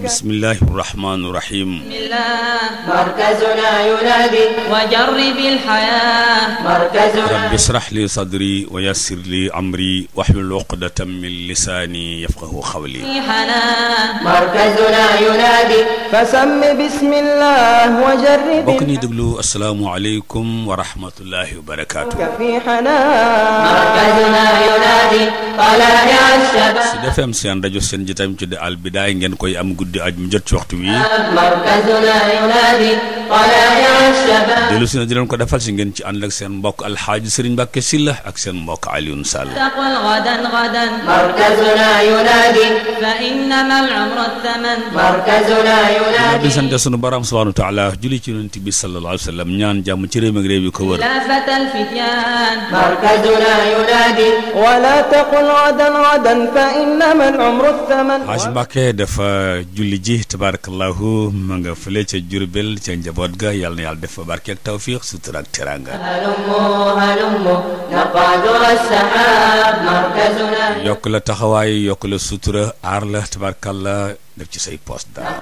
bismillahi irrahmani irrahim rabbi israh li sadri wa yassir li amri wahlul uqdatan min lisaani yafqahu qawli bokk ni déglu asalaamu aleykum wa rahmatullahi wa barakaatu Sud FM seen rajo seen jotaay mu tudd Al Bidaaya ngeen koy am guddi aj mu jot ci waxtu wi dellu si na di leen ko defal si ngeen ci ànd ak seen mbokk alxaaji Sëriñ Mbàkke Sylla ak seen mbokk Alioune Sall di sant sunu borom subhaanahu wa taala julli ci yonent bi sallallahu alayhi wa sallam ñaan jàmm ci réew mi ak réew yi ko wër Haji Mbàkke dafa julli ji tabarakallahu ma nga fële ca Jurbel ca njaboot ga yàlla na yàlla def fa barke ak tawfiq sutura ak teranga yokk la taxawaay yokk la sutura aar la tabarakallah def ci say poos daal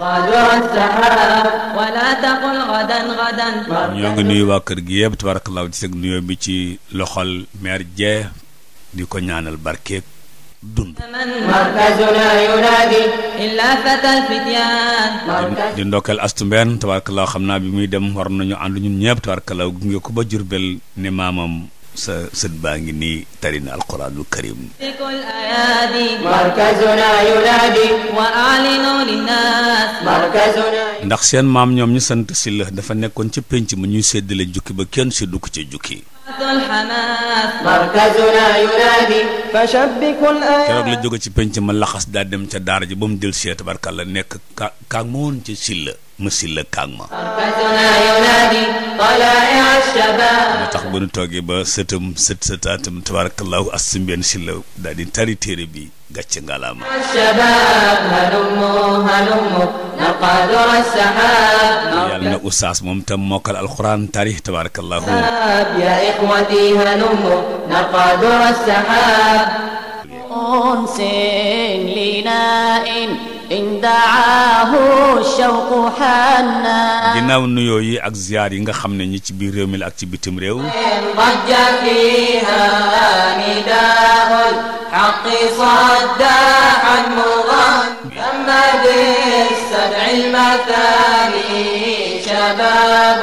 ñoo ngi nuyu waa kër gi yëpp tabarakallahu di seg nuyoo bi ci loxol meer je di ko ñaanal barkeek dund di ndokkeel astu mbeen tabarkalaaw xam naa bi muy dem war nañu ànd ñun ñëpp tabarkalaaw gunge ko ba Jurbel ne maamam sa sët baa ngi nii tari na alquranul karim ndax seen maam ñoom ñu sant si la dafa nekkoon ca pénc ma ñuy séddale jukki ba kenn si dukk ca jukki keroog la jóge ci penc ma laxas daa dem ca daara ji ba mu del see tabarkàlla nekk ka kaa moon ca silla masila kaag ma moo tax bu nu toogee ba sëtam sët sëtaatam tabarakallahu assumbeen si la daal di tari téere bi gàcce ngalaama yàlla na usaas moom tam mokkal alxuraan taarix tabarakallahu ya ginnaaw nuyoo yi ak ziyaar yi nga xam ne ñi ci biir réew mi la ak ci bitim réew شباب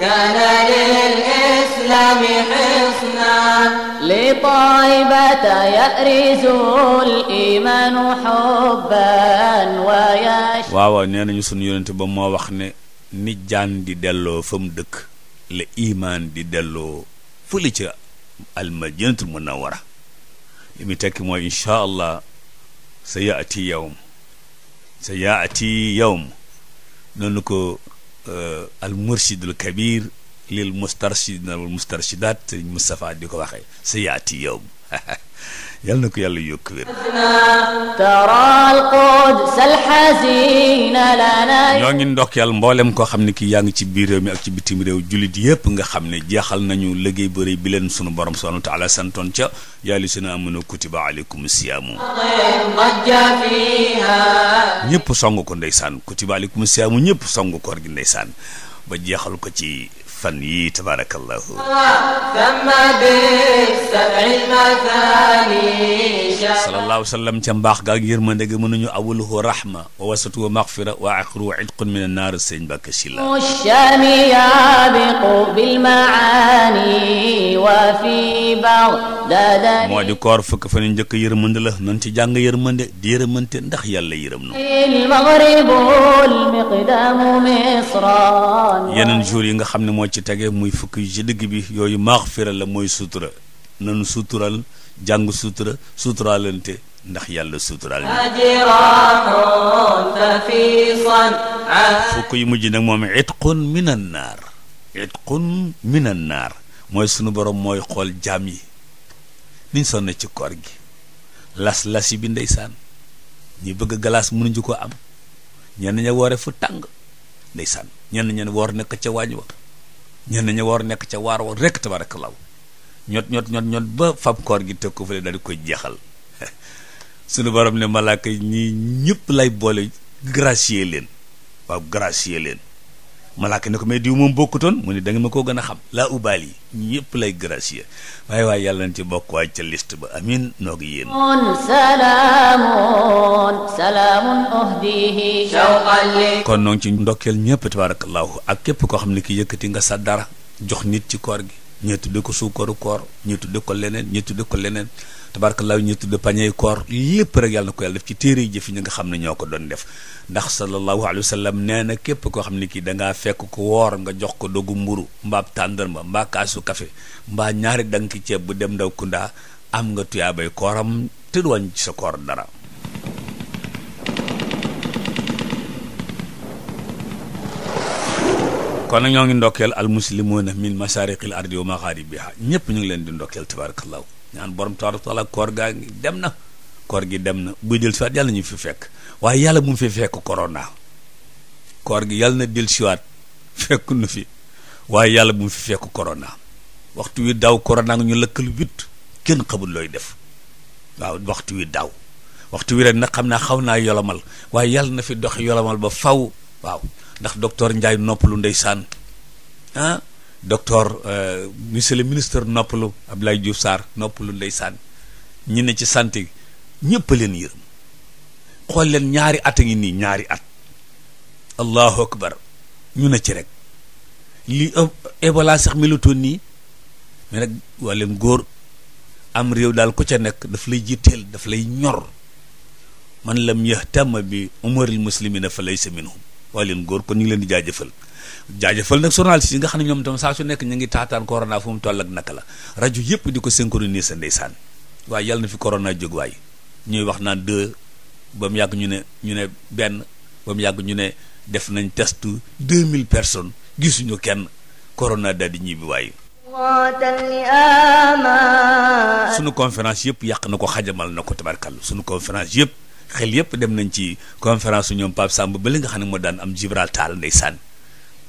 كان للإسلام حلم طيبة يأرز الإيمان حبا ويش waaw waaw nee nañu sunu yonent ba moo wax ne ni jaan di delloo fa mu dëkk la imaan di delloo fële ca almadinatul munawara li muy tekki mooy incha allah sa yaati yawm sa yaati yawm noonu ko euh, almursidul kabir lil mustarshidina wal mustarshidaat sëriñ di ko waxe sa yaati yow yal na ko yàlla yokk wér ñoo ngi ndokkeel mboolem koo xam ne kii yaa ngi ci biir réew mi ak ci bitim réew jullit yëpp nga xam ne jeexal nañu liggéey bëri bi leen sunu borom subhanahu wa santoon ca yaa allaziina aamanu kutiba aleykum siyaamu ñëpp song ko ndeysaan kutiba aleykum siyaamu ñëpp song koor gi ndeysaan ba jeexal ko ci fan yii tabarakallahu sallallahu alayhi wa sallam ca mbaax ga ak yërmande ga mënuñu awwaluhu rahma wa wasatuhu maghfira wa axiruhu itqun min annaar sëñ Mbàkke Sylla moo di koor fukk fa ñu njëkk yërmande la nan ci jàng yërmande di yërmante ndax yàlla yërëm na yeneen jour yi nga xam ne moo ci tege muy fukk yu ci digg bi yooyu maxfira la mooy sutura nanu suutural jàng sutura suturaalante ndax yàlla suturaal fukk yu mujj nag moom itqun minan naar itqun minan naar mooy sunu boroom mooy xool jaam yi niñ sonn ci koor gi las-las yi bi ndeysaan ñi bëgg galaas mënuñu ko am ñeen ña woore fu tàng ndeysaan ñenn ñenn woor nekk ca waañ wa ñenn ñi war a nekk ca waar wa rekk tabarakallahu ñot ñot ñot ñot ba fab koor gi teg ko fële daal di koy jeexal sunu borom ne malaaka ñii ñëpp lay boole gracier leen waaw gracier leen malaaka ne ko mais diw moom bokkutoon mu ne da nga ma koo gën a xam laa ubaal yi ñëpp lay gracier waaye waaye yàlla nañ ci bokk waay ca liste ba amin noo gi yéen kon noo ngi ci ndokkeel ñëpp tabaarakallaahu ak képp koo xam ne ki yëkkati nga sa dara jox nit ci koor gi ñu tudde ko suukaru koor ñu tudde ko leneen ñu tudde ko leneen tabarkalaaw ñu tudd pañey koor lépp rek yàlla na ko yàlla def ci téere yi jëf yi ñu nga xam ne ñoo ko doon def ndax sallallahu alayhi wa sallam nee na képp koo xam ne kii da ngaa fekk ko woor nga jox ko dogu mburu mbaab tàndarma mbaa kaasu café mbaa ñaari danki ceeb bu dem ndaw kundaa am nga tuyaabay kooram te du ci sa koor dara kon nag ñoo ngi ndokkeel al muslimuna min masariqil ardi magharibiha ñëpp ñu ngi leen di ndokkeel tabarakallahu ñaan borom tabaaraka taala koor gaa ngi dem na koor gi dem na buy del siwaat yàlla ñu fi fekk waaye yàlla bu mu fi fekk corona koor gi yàlla na del siwaat fekk nu fi waaye yàlla bu mu fi fekk corona waxtu wi daw corona nga ñu lëkkal wit kenn xamul looy def waaw waxtu wi daw waxtu wi ren nag xam naa xaw naa yolomal waaye yàlla na fi dox yolomal ba faw waaw ndax docteur Ndiaye noppalu ndeysaan ah missile euh, monsieur le ministre noppalu Abdoulaye Diouf Sarr noppalu ndeysaan ñi ne ci santé ñëpp a leen yërëm xool leen ñaari at ngi nii ñaari at allahu akbar ñu ne ci rek li euh, Ebola sax melutoon nii mais nag waa leen góor am réew daal ko ca nekk dafa lay jiiteel dafa lay ñor man lam yahtama bi umaril muslimina fa laysa minhum waa leen góor kon ñu ngi leen di jaajëfal jaajëfal nag journaliste yi nga xam ne ñoom tam saa su nekk ñu ngi taataan corona fu mu toll ak naka la rajo yëpp di ko synchroniser ndeysaan waaye yàlla na fi corona jóg waaye ñuy wax naan deux ba mu yàgg ñu ne ñu ne benn ba mu yàgg ñu ne def nañ test deux mille personnes gisuñu kenn corona daal di ñibbi waaye. sunu conférence yëpp yàq na ko xajamal na ko tabarkal sunu conférence yëpp xel yëpp dem nañ ci conférence ñoom Pape Samb ba li nga xam ne moo daan am Gibraltar ndeysaan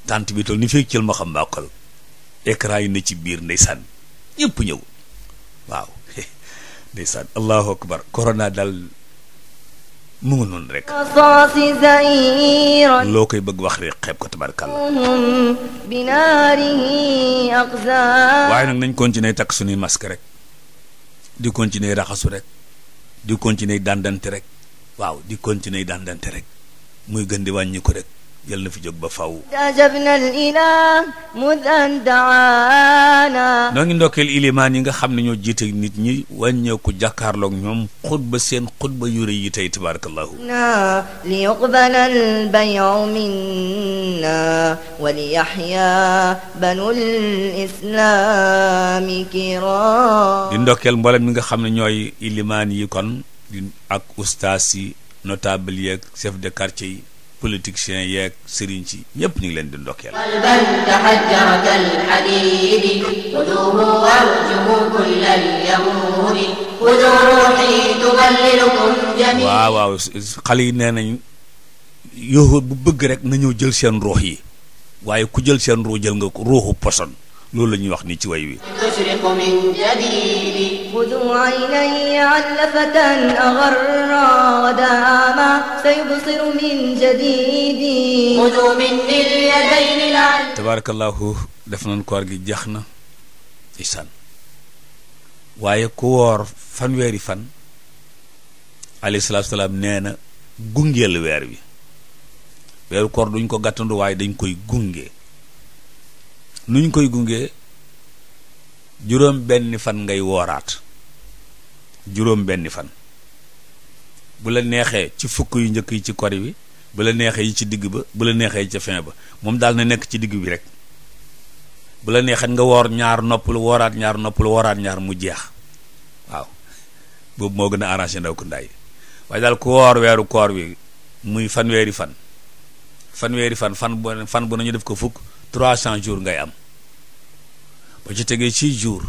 tant bi toll ni fekk cël ma xam mbàqal écran yi na ci biir ndeysaan ñëpp ñëw waaw ndeysaan allahu akbar corona daal mu ngi noonu rek loo koy bëgg wax rek xeeb ko tabarkàlla waaye nag nañ continuer takk suñuy masque rek di continuer raxasu rek di continuer dandante rek waaw di continuer dandante rek muy gën di wàññi ko rek yal na fi jóg ba faw noo ngi ndokkeel ilimaan yi nga xam ne ñoo jiite nit ñi wàññeeku jàkkaarloog ñoom xutba seen xutba yu rëy yi tey tabarakallahu li yuqbala al bayu minna wa li yaxya banul islaami kiram di ndokkeel mboolem mi nga xam ne ñooy ilimaan yi kon ak ustaas notable yeeg sef de quartier yi politiciens yeeg sëriñ ci ñépp ñu ngi leen di ndokkeel waaw waaw xale yi nee nañ yow bu bëgg rek na ñëw jël seen ruux yi waaye ku jël seen ruux jël nga ko ruuxu poson loolu lañuy wax ni ci way wi بدو عيني nañ koor gi jeex na isan waaye ku woor fan alayhi salaam nee na gungeel weer wi weeru koor duñ ko gàttandu waaye dañ koy gunge nuñ koy gunge juróom benn fan ngay wooraat juróom benni fan bu la neexee ci fukk yu njëkk yi ci kori bi bu la neexee yi ci digg ba bu la neexee yi fin ba moom daal na nekk ci digg bi rek bu la neexee nga woor ñaar nopp noppalu wooraat ñaar nopp noppalu wooraat ñaar mu jeex waaw boobu moo gën a arrangé ndaw ku ndaay waaye daal ku woor weeru koor wi muy fanweeri fan fanweeri fan fan bu fan bu nañu def ko fukk trois cent jours ngay am ba ci tegee six jours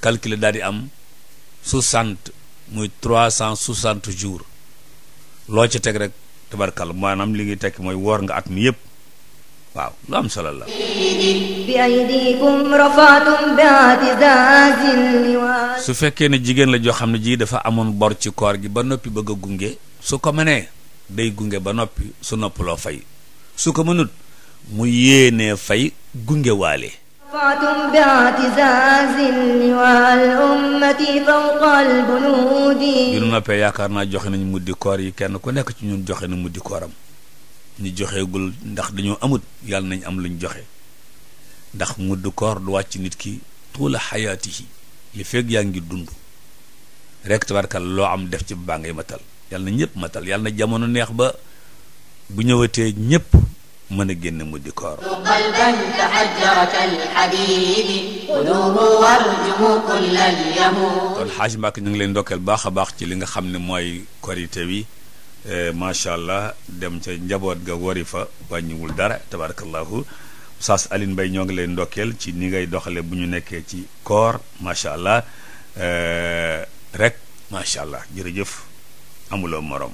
calculer daal di am soixante muy trois cent soixante jours loo ci teg rek tabarkal maanaam li ngi tekki mooy woor nga at mi yëpp waaw lu am solo la su fekkee ne jigéen la joo xam ne ji dafa amoon bor ci koor gi ba noppi bëgg gunge su ko mënee day gunge ba noppi su noppaloo fay su ko mënut mu yéenee fay gungewaale رفعتم باعتزاز لواء الأمة فوق البنود bi nu noppee yaakaar naa joxe nañ muddi koor yi kenn ku nekk ci ñun joxe na muddi kooram ñu joxeegul ndax dañoo amut yàlla nañ am luñ joxe ndax muddi koor du wàcc nit ki tuula xayaatihi li fekk yaa ngi dund rek tabarkal loo am def ci baa ngay matal yàlla na ñëpp matal yàlla na jamono neex ba bu ñëwatee ñëpp mën a génn mu di koor qalban tahajjaraka alhabibi quduhu warjumu kullal yamu kon xaaj Mbàkke ñu ngi leen ndokkeel baax a baax ci li nga xam ne mooy korite wi eh, macha allah dem ca njaboot ga wari fa wàññiwul dara tabarakallahu Oustaz alin Mbaye ñoo ngi leen ndokkeel ci ni ngay doxale bu ñu nekkee ci koor macha allah eh, rek macha allah jërëjëf amuloo morom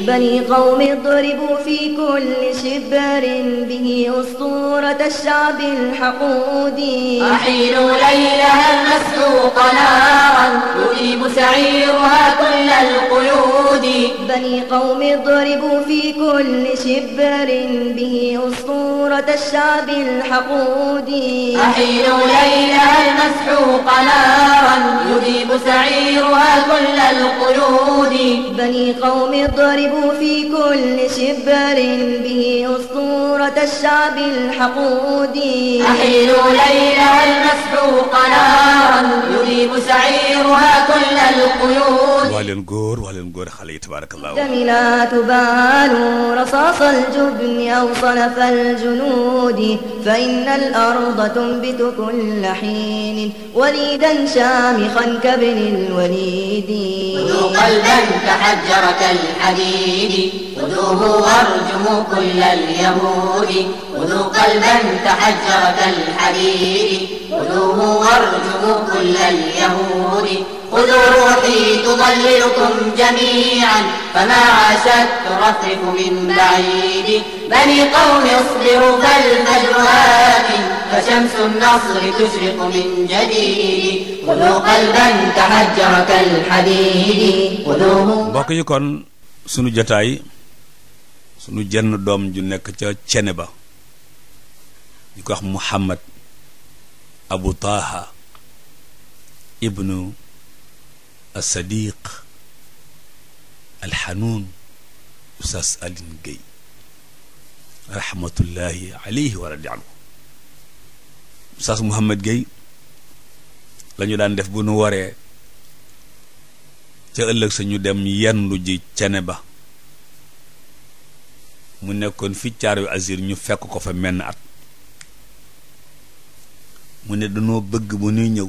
بني قوم اضربوا في كل شبر به أسطورة الشعب الحقودي أحيل ليلها المسلوق نارا يجيب سعيرها كل القيود بني قوم اضربوا في كل شبر به أسطورة الشعب الحقودي أحيل ليلها المسحوق نارا يجيب سعيرها كل القيود بني قوم القوم اضربوا في كل شبر به أسطورة الشعب الحقودي أحيلوا ليلها المسحوق نارا يذيب سعيرها كل القيود وعلن قور وعلن قور خلي تبارك الله دم لا تبال رصاص الجبن أو صنف الجنود فإن الأرض تنبت كل حين وليدا شامخا كابن الوليد وذوق البن تحجرت الحديد خذوه وارجموا كل اليهود خذوا قلبا كحجرة الحديد خذوه وارجموا كل اليهود خذوا روحي تضللكم جميعا فما عاشت ترفرف من بعيد بني قوم اصبروا فالفجر آت فشمس النصر تشرق من جديد خذوا قلبا تحجر كالحديد خذوه mbokk yi kon sunu jotaay sunu jenn doom ju nekk ca cene ba ñu ko wax Muhammad Abu Taha ibnu as-sadiq alxanuun Oustaz Alioune Guèye rahmatullahi alayhi wa radi anhu Oustaz Mouhamed Guèye daan def bu nu waree ca ëllëg sañu dem yendu ji cene ba mu nekkoon fi caar yu azir ñu fekk ko fa menn at mu ne danoo bëgg bu nuy ñëw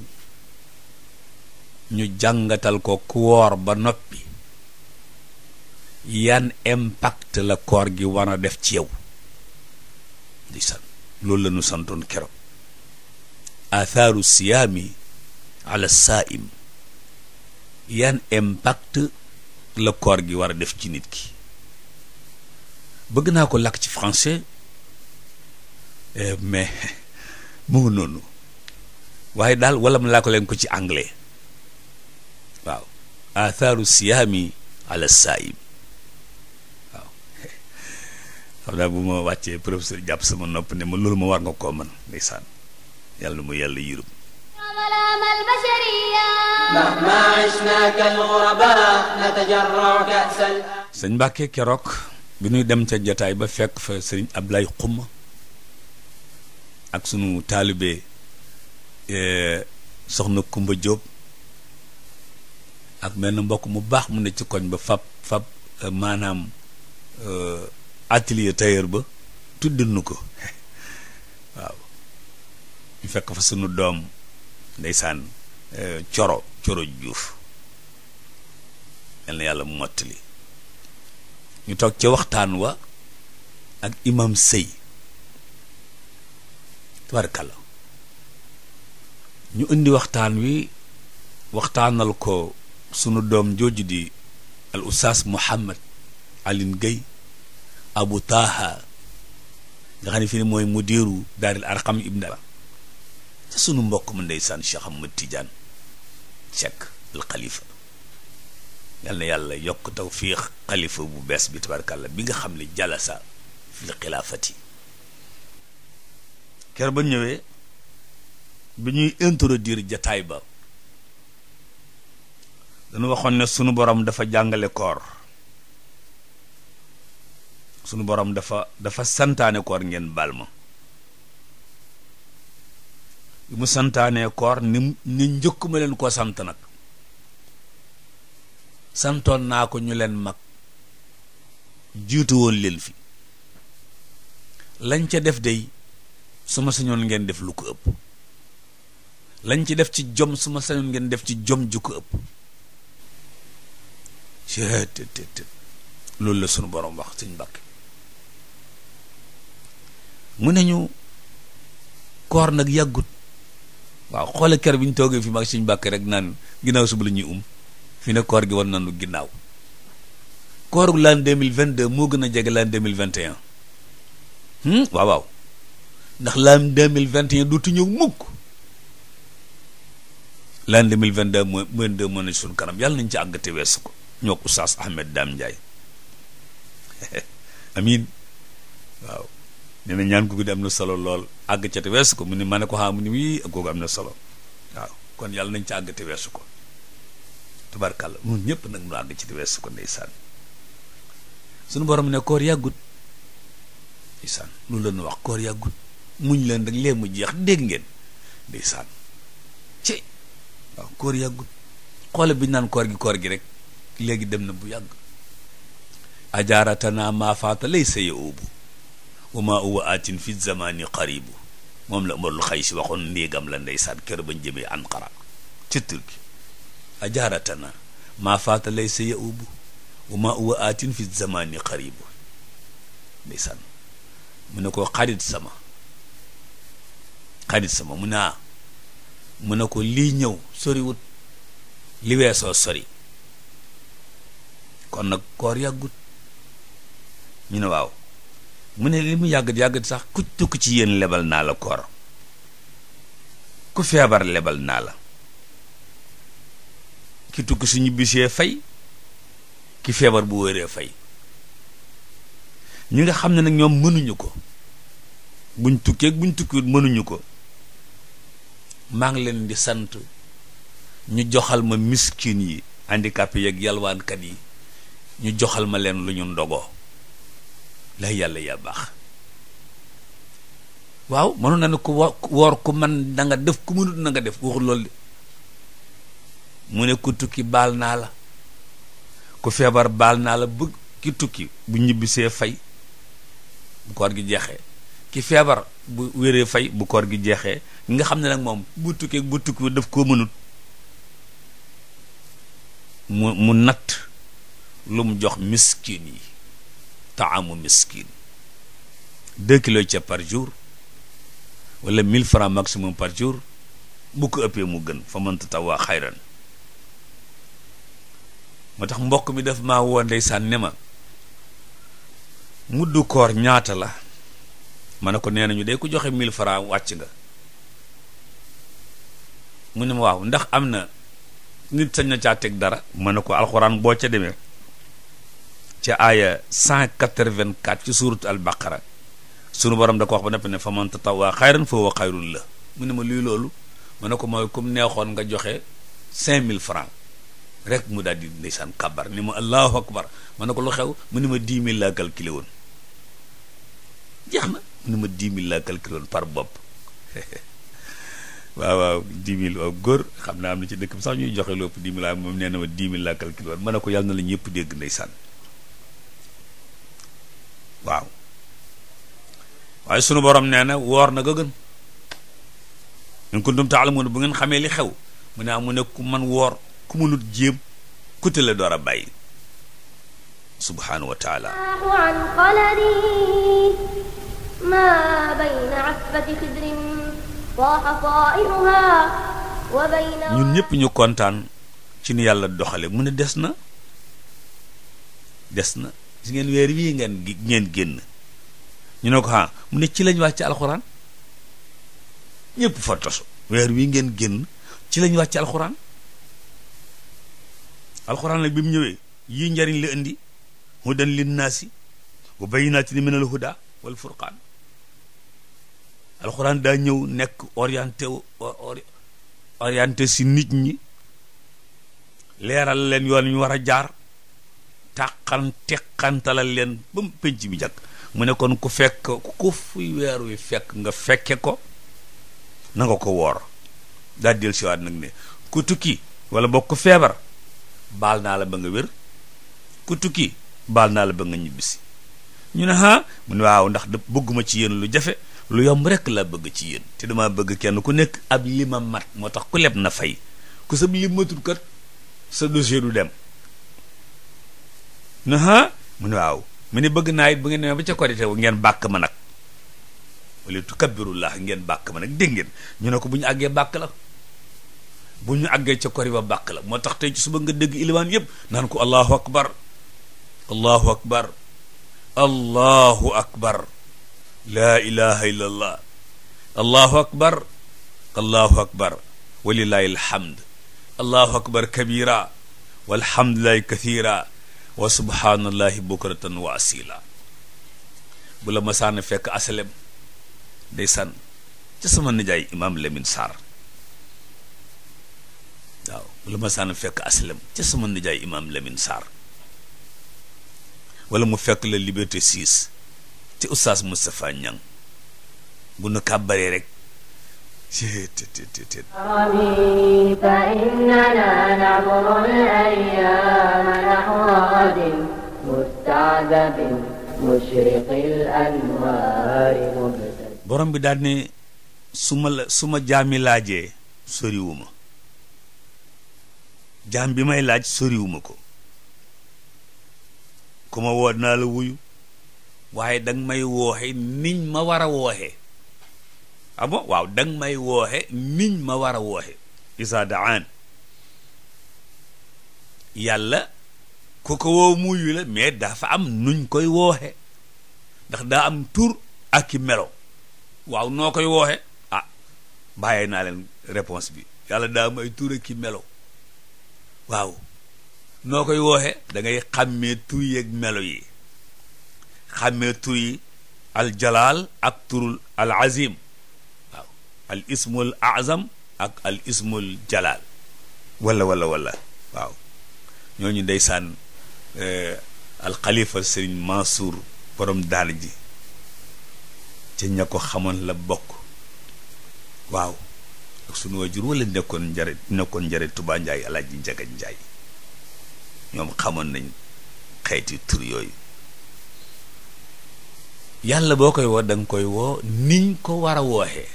ñu jàngatal ko ku woor ba noppi yan impact la koor gi war a def ci yow loolu la santoon keroog athaaru siyaami ala saaim yan impact la koor gi war a def ci nit ki bëgg naa ko làkk ci français eh, mais mu noonu waaye daal wala mu laa ko leen ko ci anglais athaaru siyaami ala saayim waaw xam naa bu ma wàccee professeur jàpp sama nopp ne ma loolu ma war nga koo man ndeysaan yàlla mu yàlla yërëm ملام البشرية مهما عشنا كالغرباء نتجرع bi ñuy dem ca jataay ba fekk fa sëriñ Ablaye Xuma ak sunu taalibe eh, soxna Kumba Jóob ak benn mbokk mu baax mu na ci koñ ba fab fab euh, maanaam euh, atelier tailleur ba nu ko waaw ñu fekk fa sunu doom ndeysaan euh, coro coro juuf yal na yàlla mottali ñu toog ca waxtaan wa ak imam sëy tabarkalla ñu indi waxtaan wi waxtaanal ko sunu doom jooju di al ustaas Muhammad Alin Guèye Abu Taha nga xam ne fi ne mooy mudiru daaril arqam ibn Aba ca sunu mbokk mu ndeysaan Cheikh Ahmad Tidiane Seck al xalifa yal na yàlla yokk tawfiix xalifa bu bees bi tabarkàlla bi nga xam ne jalasa fi xilaafati ker ba ñëwee bi ñuy introduire jataay ba dana waxoon ne sunu borom dafa jàngale koor sunu boroom dafa dafa santaane koor ngeen baal ma bi mu santaanee koor ni njëkk ma leen koo sant nag santoon naa ko ñu leen mag jiitu woon leen fi lañ ca def day su ma sañoon ngeen def lu ko ëpp lañ ci def ci jom su ma sañoon ngeen def ci jom ju ko ëpp loolu la sunu borom wax suñ mbakk mu ne ñu koor nag yàggut waaw xoole ker bi ñu toogee fi mag suñ mbakk rek naan ginnaaw suba la ñuy um fi ne koor gi war nañu ginnaaw kooru l'an deux mille vingt deux moo gën a jege l'an deux mille vingt et un hmm? waaw ndax l'an deux mille vingt et un dootu ñëw mukk l'an deux mille vingt deux mooy moo ne suñu kanam yàlla nañ ci àgg te weesu ko. ñoo ko oustaz Ahmed Dame Ndiaye amiin waaw nee ñaan googu di am na solo lool àgg ca te weesu ko mu ne ma ne ko xaa mu ni wii ak googu am na solo waaw kon yàlla nañ ca àgg te weesu ko tubarkàlla ñun ñëpp nag nu àgg ci te weesu ko ndeysaan suñu borom ne koor yàggut ndeysaan loolu la ñu wax koor yàggut muñ leen rek lee mu jeex dégg ngeen ndeysaan ci waaw koor yàggut xoole bi naan koor gi koor gi rek léegi dem na bu yàgg ajaaratana maa faata laysa yaubu wa maa huwa atin fi zamani qaribu moom la Umarul Xaysi waxoon ndéegam la ndeysaan kër bañ jëmee Anqara ci Turki ajaaratana maa faata laysa yaubu wa maa huwa atin fi zamani qaribu ndeysaan mu ne ko xarit sama xarit sama mu ne ah mu ne ko lii ñëw soriwut li weesoo sori kon nag koor yàggut ñu ne waaw mu ne li mu yàgg yàggat sax ku tukk ci yéen lebal naa la koor ku feebar lebal naa la ki tukk su ñibbisee fay ki feebar bu wéree fay ñu nga xam ne nag ñoom mënuñu ko buñ tukkee buñ tukkiwut mënuñu ko maa ngi leen di sant ñu joxal ma miskin yi handicapé yeeg yalwaankat yi ñu joxal ma leen lu ñu ndogoo la yàlla yaa baax waaw mënu na ne ku woor ku man da def ku mënut na nga def waxul loolu de mu ne ku tukki baal naa la ku feebar baal naa la bu ki tukki bu ñibbisee fay bu koor gi jeexee ki feebar bu wéree fay bu koor gi jeexee nga xam ne nag moom bu tukkee bu tukki daf koo mënut mu mu natt lu mu jox miskin yi taamu miskin deux kilos ceeb par jour wala mille francs maximum par jour bu ko ëppee mu gën fa mën tatawaa xayran moo tax mbokk mi daf maa woo ndeysaan ne ma muddu koor ñaata la ma ne ko nee nañu day ku joxe mille francs wàcc nga mu ne ma waaw ndax am na nit sañ na caa teg dara ma ne ko alxuraan boo ca demee ci aaya 184 ci suurat al baqara sunu borom da ko wax ba noppi ne fa man tatawaa xayran fa huwa xayrun la mu ne ma luy loolu mu ne ko mooy comme neexoon nga joxe mille francs rek mu daal di ndeysaan kabar ni ma allahu akbar mën ne ko lu xew mu ne ma 10 000 laa calculé woon jeex na mu ma 10 000 laa calculé woon par bopp waaw waaw 10 000 waaw góor xam na ci dëkk bi sax ñuy ko yàlla na la ñëpp dégg ndeysaan waaw waaye sunu borom nee na woor na gën in kuntum taalamuun bu ngeen xamee li xew mu ne mu ne ku man woor ku mënut jéem ku tële door a bàyyi subhaanahu wa taala ñun ñëpp ñu kontaan ci ni yàlla doxale mu ne des na des na gis ngeen weer wii ngeen ngeen génn ñu ne ko ah mu ne ci lañ wàcc alxuraan ñëpp fa tosu weer wii ngeen génn ci lañ wàcc alxuraan alxuraan nag bi mu ñëwee yii njariñ la indi hudan linnaasi wa bayyinaatin min al huda wal furqaan alxuraan daa ñëw nekk orienté si nit ñi leeral leen yoon ñu war a jaar tàqan teqantalal leen ba mu penc mi jàkk mu ne kon ku fekk ku fuy weer wi fekk nga fekke ko nanga ko woor daal del siwaat nag ne ku tukki wala bokk feebar baal naa la ba nga wér ku tukki baal naa la ba nga ñibbisi ñu ne ah mu ne waaw ndax da bëgguma ci yéen lu jafe lu yomb rekk la bëgg ci yéen te dama bëgg kenn ku nekk ab lima mat moo tax ku leb na fay ku sa lim matul kat sa dossier du dem naha mu waaw mu ne bëgg naa it bu ngeen demee ba ca korite wu ngeen bàkk ma nag wala tukabbirullah ngeen bàkk ma nag dégg ngeen ñu ne ko bu ñu àggee bàkk la bu ñu àggee ca kori ba bàkk la moo tax tey ci suba nga dégg ilimaan yëpp naan ko allahu akbar allahu akbar allahu akbar laa ilaha illa allah allahu akbar allahu akbar walilahi allahu akbar kabira walhamdulilahi kathira waa subhaanallahi bukratan wa asila bu la masaana fekk asalem day san ci sama nijaay imaam Lamine Sarr waaw bu la masaana fekk asalem ci sama nijaay imaam Lamine Sarr wala mu fekk la liberté 6 ci oustaz Moustapha Niang bu nu kàbbaree rek حرمي فإننا نعبر الأيام نحو غد مستعذب مشرق الأنوار مبتد borom bi daal ne su ma su ma jaami laajee soriwuma jaam bi may laaj soriwuma ko ku ma woo naa la wuyu waaye danga may wooxe niñ ma war a wooxee ah waaw danga may wooxe miñ ma war a wooxe isa daan yàlla ku ko woo muyu la mais dafa am nuñ koy wooxe ndax daa am tur ak i melo waaw noo koy wooxe ah naa leen réponse bi yàlla daa am tur ak melo waaw noo koy wooxe da ngay xàmmee tur yi ak melo yi xàmmee tur yi al jalaal ak turul al azim al ismul azam ak al ismul jalaal walla wala wala waaw ñooñu ndeysaan eh, al xalifa sëriñ Mansour borom daara ji ca ña ko xamoon la bokk waaw ak sunu wajur wala nekkoon njare nekkoon njare Tuba Njaay Alaaji Njaga Njaay ñoom xamoon nañ xeeti tur yooyu yàlla boo koy woo da koy woo niñ ko war a wooxee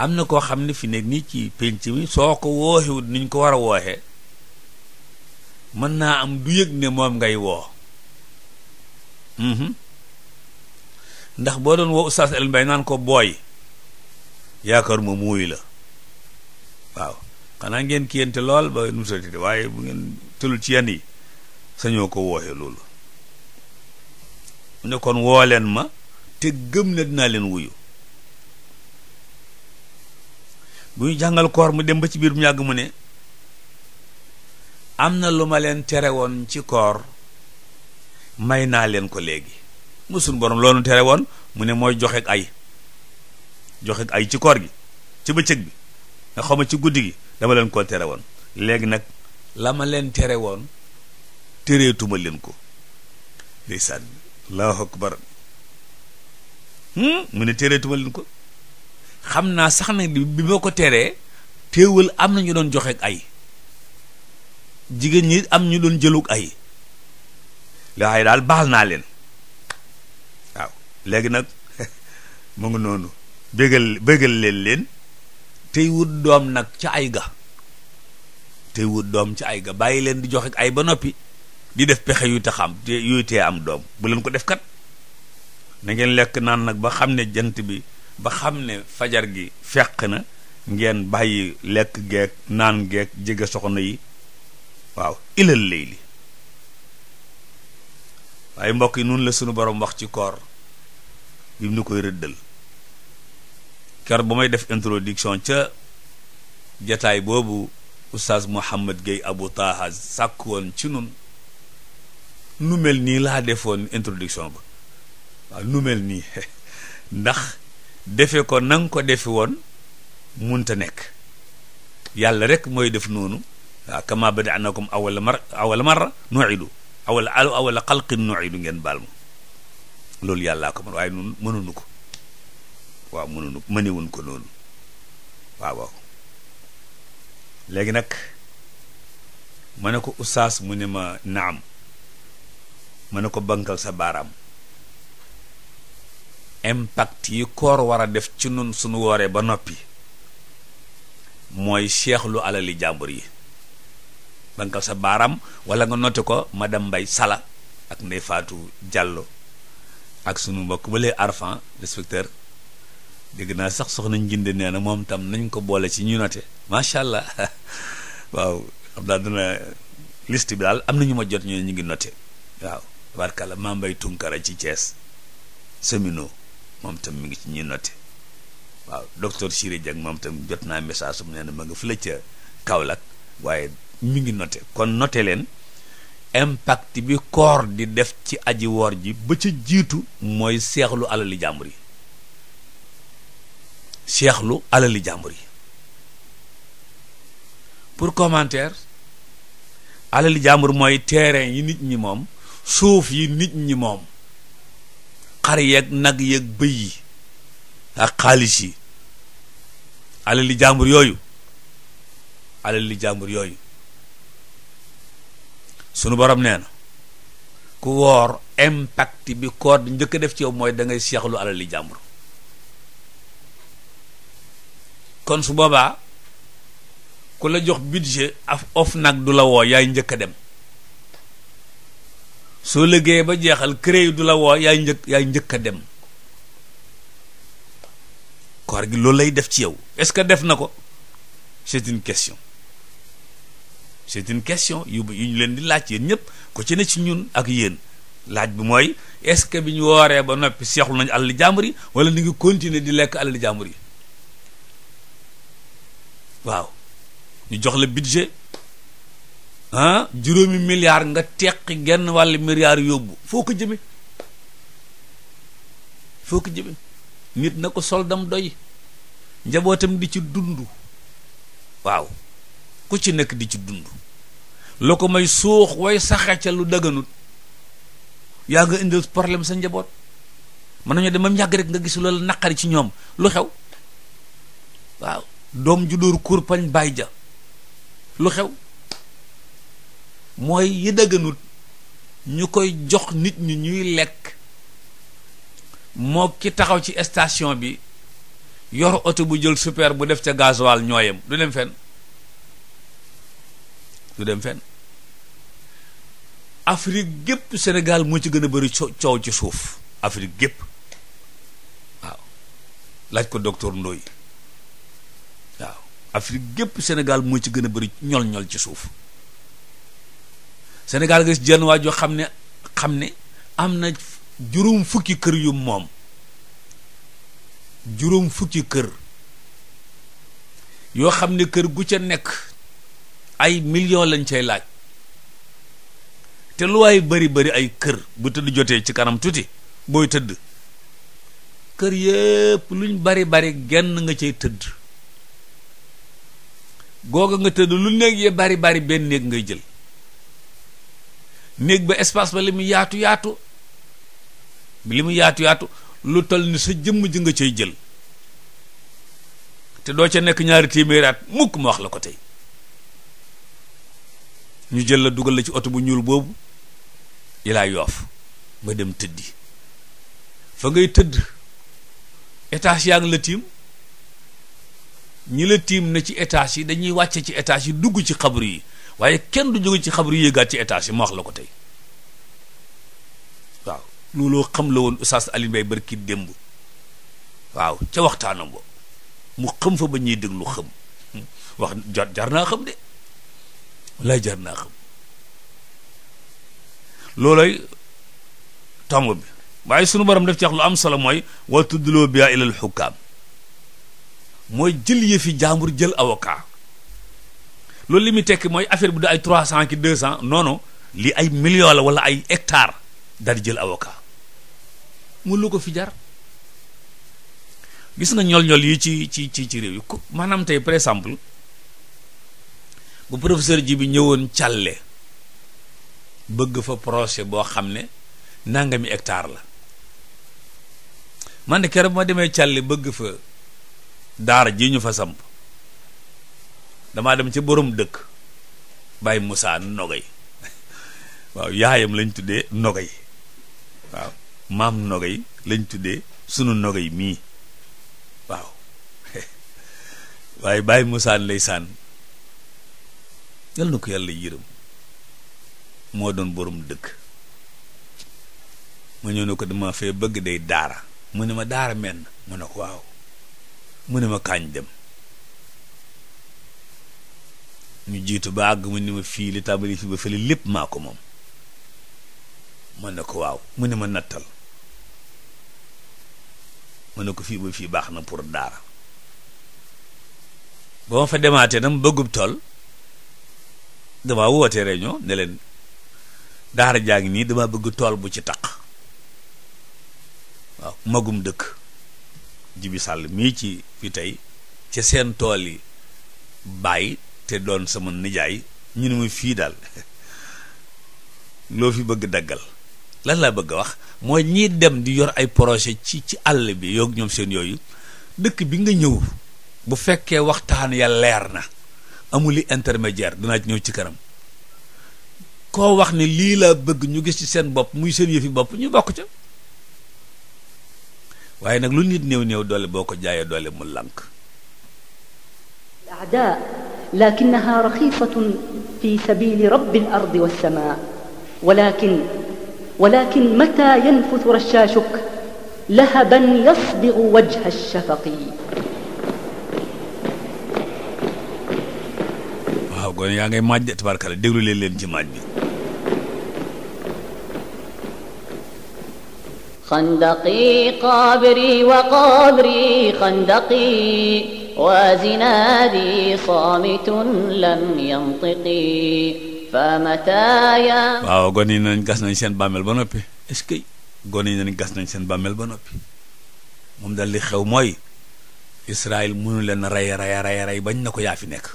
am na koo xam ne fi ne nii ci penc mi soo ko wooxewut niñ ko war a wooxe mën naa am du yëg ne moom ngay woo mhm. ndax boo doon woo oustaz bay Mbaye naan ko booy yaakaar ma muuy la waaw xanaa ngeen kiyante lool ba nu sotite waaye bu ngeen tëlul ci yan yi sañoo ko wooxe loolu mu ne kon woo leen ma te gëm ne dinaa leen wuyu bu ñu jàngal koor mu dem ba ci biir mu yàgg mu ne am na lu ma leen tere woon ci koor may naa leen ko léegi mu suñ borom loolu tere woon mu ne mooy joxe ay joxe ay ci koor gi ci bëccëg bi nga xaw ma ci guddi gi dama leen koo tere woon léegi nag la ma leen tere woon tereetuma leen ko ndeysaan allahu akbar hmm? mu ne tereetuma leen ko xam naa sax nag bi ma ko teree téewal am na ñu doon joxeeg ay jigéen ñi am ñu doon jëlug ay waaye daal baal naa leen waaw léegi nag mu ngi noonu bégal bégal leen leen tey wut doom nag ca ay ga tey wut doom ca ay ga bàyyi leen di joxe ay ba noppi di def pexe yu tax am yuy tee am doom bu leen ko def kat na ngeen lekk naan nag ba xam ne jant bi ba xam ne fajar gi feq na ngeen bàyyi lekk geeg naan geeg jege soxna yi waaw ilal lay li waaye mbokk yi nun la sunu borom wax ci koor bi mu nu koy rëddal ker ba may def introduction ca jataay boobu oustaz Mouhamed Gueye Abou Taha sàkk woon ci nun nu mel nii laa defoon introduction ba waaw nu mel nii ndax defe ko nang ko defe woon munta nekk yàlla rek mooy def noonu waaw ah, kama bada'nakum awala mar awala marra awal awala al awala xalqin nu'idu ngeen baal ma loolu yàllaa ko mën waaye nun mënuñu ko waaw mënuñu mënewuñ ko noonu waaw waaw léegi nag ma ne ko ussaas mu ne ma naam ma ne ko bankal sa baaraam impact yi koor war a def ci nun suñu wooree ba noppi mooy seexlu alali jàmbur yi bankal sa baaraam wala nga noté ko ma madame Mbay Sala ak Ndey Faatu Jàllo ak sunu mbokk ba lee arfan inspecteur dégg naa sax soxna njinde nee na moom tam nañ ko boole ci ñu noté macha allah waaw xam naa bi daal am na ñu ma jot ñoo ñu ngi noté waaw tabarkalla maa mbay tunkara ci Thiès semino moom tam mi ngi ci ñi noté waaw docteur Chiré Dieng moom tam jot naa message su mu nee na ma nga fële ca Kaolack waaye mi ngi noté kon noté leen impact bi koor di def ci aji woor ji ba ca jiitu mooy seexlu alali jàmbur yi seexlu alali jàmbur yi pour commentaire alali jàmbur mooy terrain yi nit ñi moom suuf yi nit ñi moom xar yeeg nag yeeg bëy yi ak xaalis yi alal li jàmbur yooyu alal li jàmbur yooyu sunu borom neena na ku woor impact bi koor njëkk def ci yow mooy da ngay seexlu alal li kon su boobaa ku la jox budget af of nag du la woo yaay njëkk dem soo liggéeyee ba jeexal cré yi du la woo yaay njëkk yaay njëkk a dem koor gi loolu lay def ci yow est-ce que def na ko c'est une question c'est une question yu yu ñu leen di laaj yéen ñëpp ko ci ne ci ñun ak yéen laaj bi mooy est-ce que bi ñu wooree ba noppi seexlu nañu alal jàmbur yi wala ni ngi continuer di lekk alal jàmbur yi waaw ñu jox la juróomi milliard nga teqi genn wàll milliard yóbbu foo ko jëme foo ko jëme nit na ko soldam doy njabootam di ci dund waaw ku ci nekk di ci dund loo ko may suux way saxe ca lu daganut yaa nga indil problème sa njaboot mën nañoo dem ba mu yàgg rek nga gis loolu naqari ci ñoom lu xew waaw doom ju dóor kurpañ baay ja lu xew mooy yi dëgganut ñu koy jox nit ñi ñuy lekk moo ki taxaw ci station bi yor oto bu jël super bu def ca gasoil ñooyam du dem fenn du dem fenn Afrique gépp Sénégal moo ci gën a bëri coow ci suuf Afrique gépp waaw laaj ko docteur Ndoye waaw Afrique gépp Sénégal moo ci gën a bari ñol-ñol ci suuf Sénégal nga gis jenn waa joo xam ne xam ne am na juróom fukki kër yu moom juróom fukki kër yoo xam ne kër gu ca nekk ay million lañ cay laaj te lu waay bari bari ay kër bu tëdd jotee ci kanam tuuti booy tëdd kër yépp luñ bari bari genn nga cay tëdd googa nga tëdd lu néeg yee bari bari benn néeg ngay jël néeg ba espace ba li mu yaatu yaatu li yaatu yaatu lu toll ni sa jëmm ji nga jël te doo ca nekk ñaari téeméeri at mukk ma wax la ko tey ñu jël la dugal la ci oto bu ñuul boobu ilaa yoof nga dem tëddi fa ngay tëdd étage yaa ngi la tiim ñi la tiim na ci étage yi dañuy wàcce ci étage yi dugg ci xabru yi waaye kenn du jóge ci xabru yéegaat ci étage yi ma wax la ko tey waaw looloo xam la woon Oustaz Alioune Mbaye barki démb waaw ca waxtaanam ba mu xam fa ba ñuy déglu xam wax jar naa xam de walaay jar naa xam loolooy tomb bi waaye sunu borom def ci wax lu am solo mooy wa tuddloo biha ilal xukkaam mooy jël yëfi jaambur jël avocat loolu li muy tekki mooy affaire bi du ay 300 ki 200 non non lii ay millions la wala ay hectares daal jël avocat mu lu ko fi jar gis nga ñool-ñool yi ci ci ci ci réew yi ko maanaam tey par exemple bu professeur ji bi ñëwoon càlle bëgg fa projet boo xam ne nangami hectare la man de keroog ma demee càlle bëgg fa daar ji ñu fa samp damaa dem ci borom dëkk bàyyi Moussa Nogay waaw yaayam lañ tuddee Nogay waaw maam Nogay lañ tudde sunu Nogay mii waaw waaye bàyyi Moussa ndeysaan yal na ko yàlla yërëm moo doon borom dëkk ma ñëw ne ko dama fee bëgg day daara mu ne ma daara menn mu ne ko waaw mu ne ma kaañ dem ñu jiitu ba àgg mu ni ma fii li tàmbali fi ba fële lépp maa ko moom mën na ko waaw mu ne ma nattal mën na ko fii ba fii baax na pour daara ba ma fa demaatee dama bëggub tool dama woote réunion ne leen daara jaa ngi nii dama bëgg tool bu ci taq waaw magum dëkk jibi sàll mii ci fi tey ci seen tool yi bàyyi te doon sama nijaay ñu ne ma fii daal loo fi bëgg daggal lan laa bëgg a wax mooy ñii dem di yor ay projet ci ci àll bi yoog ñoom seen yooyu dëkk bi nga ñëw bu fekkee waxtaan ya leer na amuli intermédiaire danaa ñëw ci kanam koo wax ne lii laa bëgg ñu gis ci seen bopp muy seen yëfi bopp ñu bokk ca waaye nag lu nit new néew doole boo ko jaayee doole mu lànk لكنها رخيصة في سبيل رب الأرض والسماء ولكن ولكن متى ينفث رشاشك لهبا يصبغ وجه الشفق waaw gone yaa ngay maaj de tabarkala déglu leen leen ci maaj bi xandaqi qabri wa qabri xandaqi waa صامت لم ينطقي فمتايا waaw gone yi nañ gas nañ seen bàmmeel ba noppi est-ce que gone yi nañ gas nañ seen bàmmeel ba noppi moom daal li xew mooy Israël mënu leen rey rey rey rey bañ na ko yaa fi nekk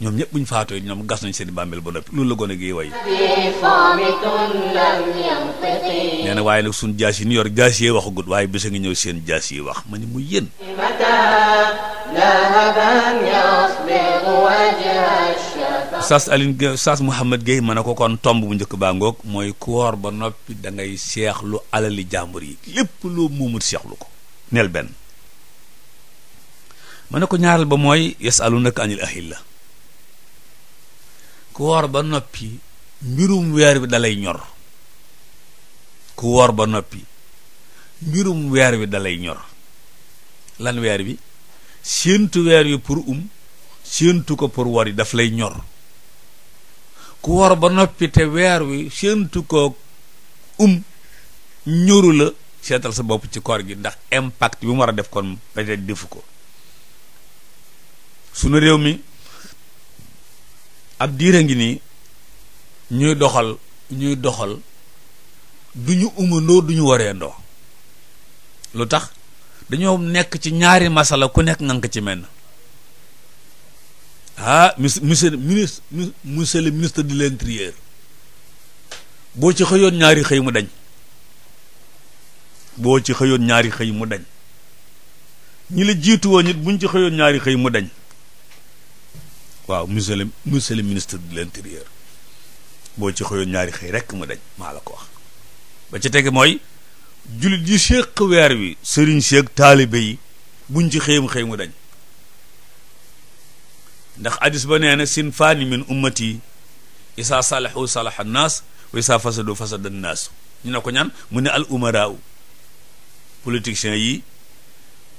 ñoom ñëpp bu ñu faatoo ñoom gas nañ seen i ba noppi loolu la gone gi way nee na waaye nag suñ jaas yi ñu yor jaas yi waxagut waaye bés a ngi ñëw seen jaas yi wax ma ni mu yéen sas Aline Gueye sas Mouhamed Gueye mën na ko kon tomb bu njëkk baa ngoog mooy koor ba noppi da ngay seexlu alali jàmbur yi lépp loo muumut seexlu ko neel benn mën na ko ñaaral ba mooy yasalunaka anil ahilla ku woor ba noppi mbirum weer wi dalay ñor ku woor ba noppi mbirum weer wi dalay ñor lan weer wi séentu weer wi pour um séentu ko pour wori daf lay ñor ku woor ba noppi te weer wi séentu kook um ñoru la seetal sa bopp ci koor gi ndax impact bi mu war a def kon peut-être defu ko sunu réew mi ab diira ngi nii ñuy doxal ñuy doxal du ñu umandoo du ñu wareendoo lu tax dañoo nekk ci ñaari masala ku nekk ngank ci menn ah monsieur ministre monsieur le ministre de l'intérieur boo ci xëyoon ñaari xëy mu dañ boo ci xëyoon ñaari xëy mu dañ ñi la jiituwoon it buñ ci xëyoon ñaari xëy mu dañ waaw monsieur le monsieur le ministre de l'intérieur boo ci xëyoon ñaari xëy rekk mu daj maa la ko wax ba ci tege mooy jullit yi séq weer wi sëriñ séq taalibe yi buñ ci xëyam xëy mu dañ ndax hadis ba nee na sinfaani min ummati isaa salahu salaha naas wa isaa fasadu fasada naas ñu ne ko ñaan mu ne al umaraaw politiciens yi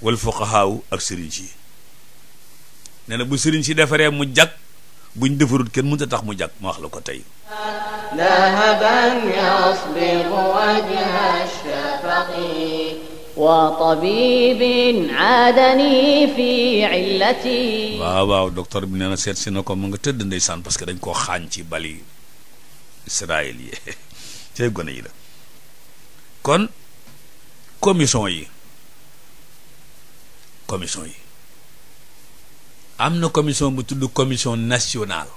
wal fuqahaaw ak sëriñ si ne bu sëriñ si defaree mu jag buñ defarut kenn mënta tax mu jag ma wax la ko tey dahaban yasbigu wajha shafaqi wa tabibin aadani fi illati waaw waaw docteur bi nee a seet si na ko mu nga tëdd ndeysaan parce que dañ koo xaañ ci bali Israël yi cay gone yi la kon commission yi commission yi am na commission bu tudd commission nationale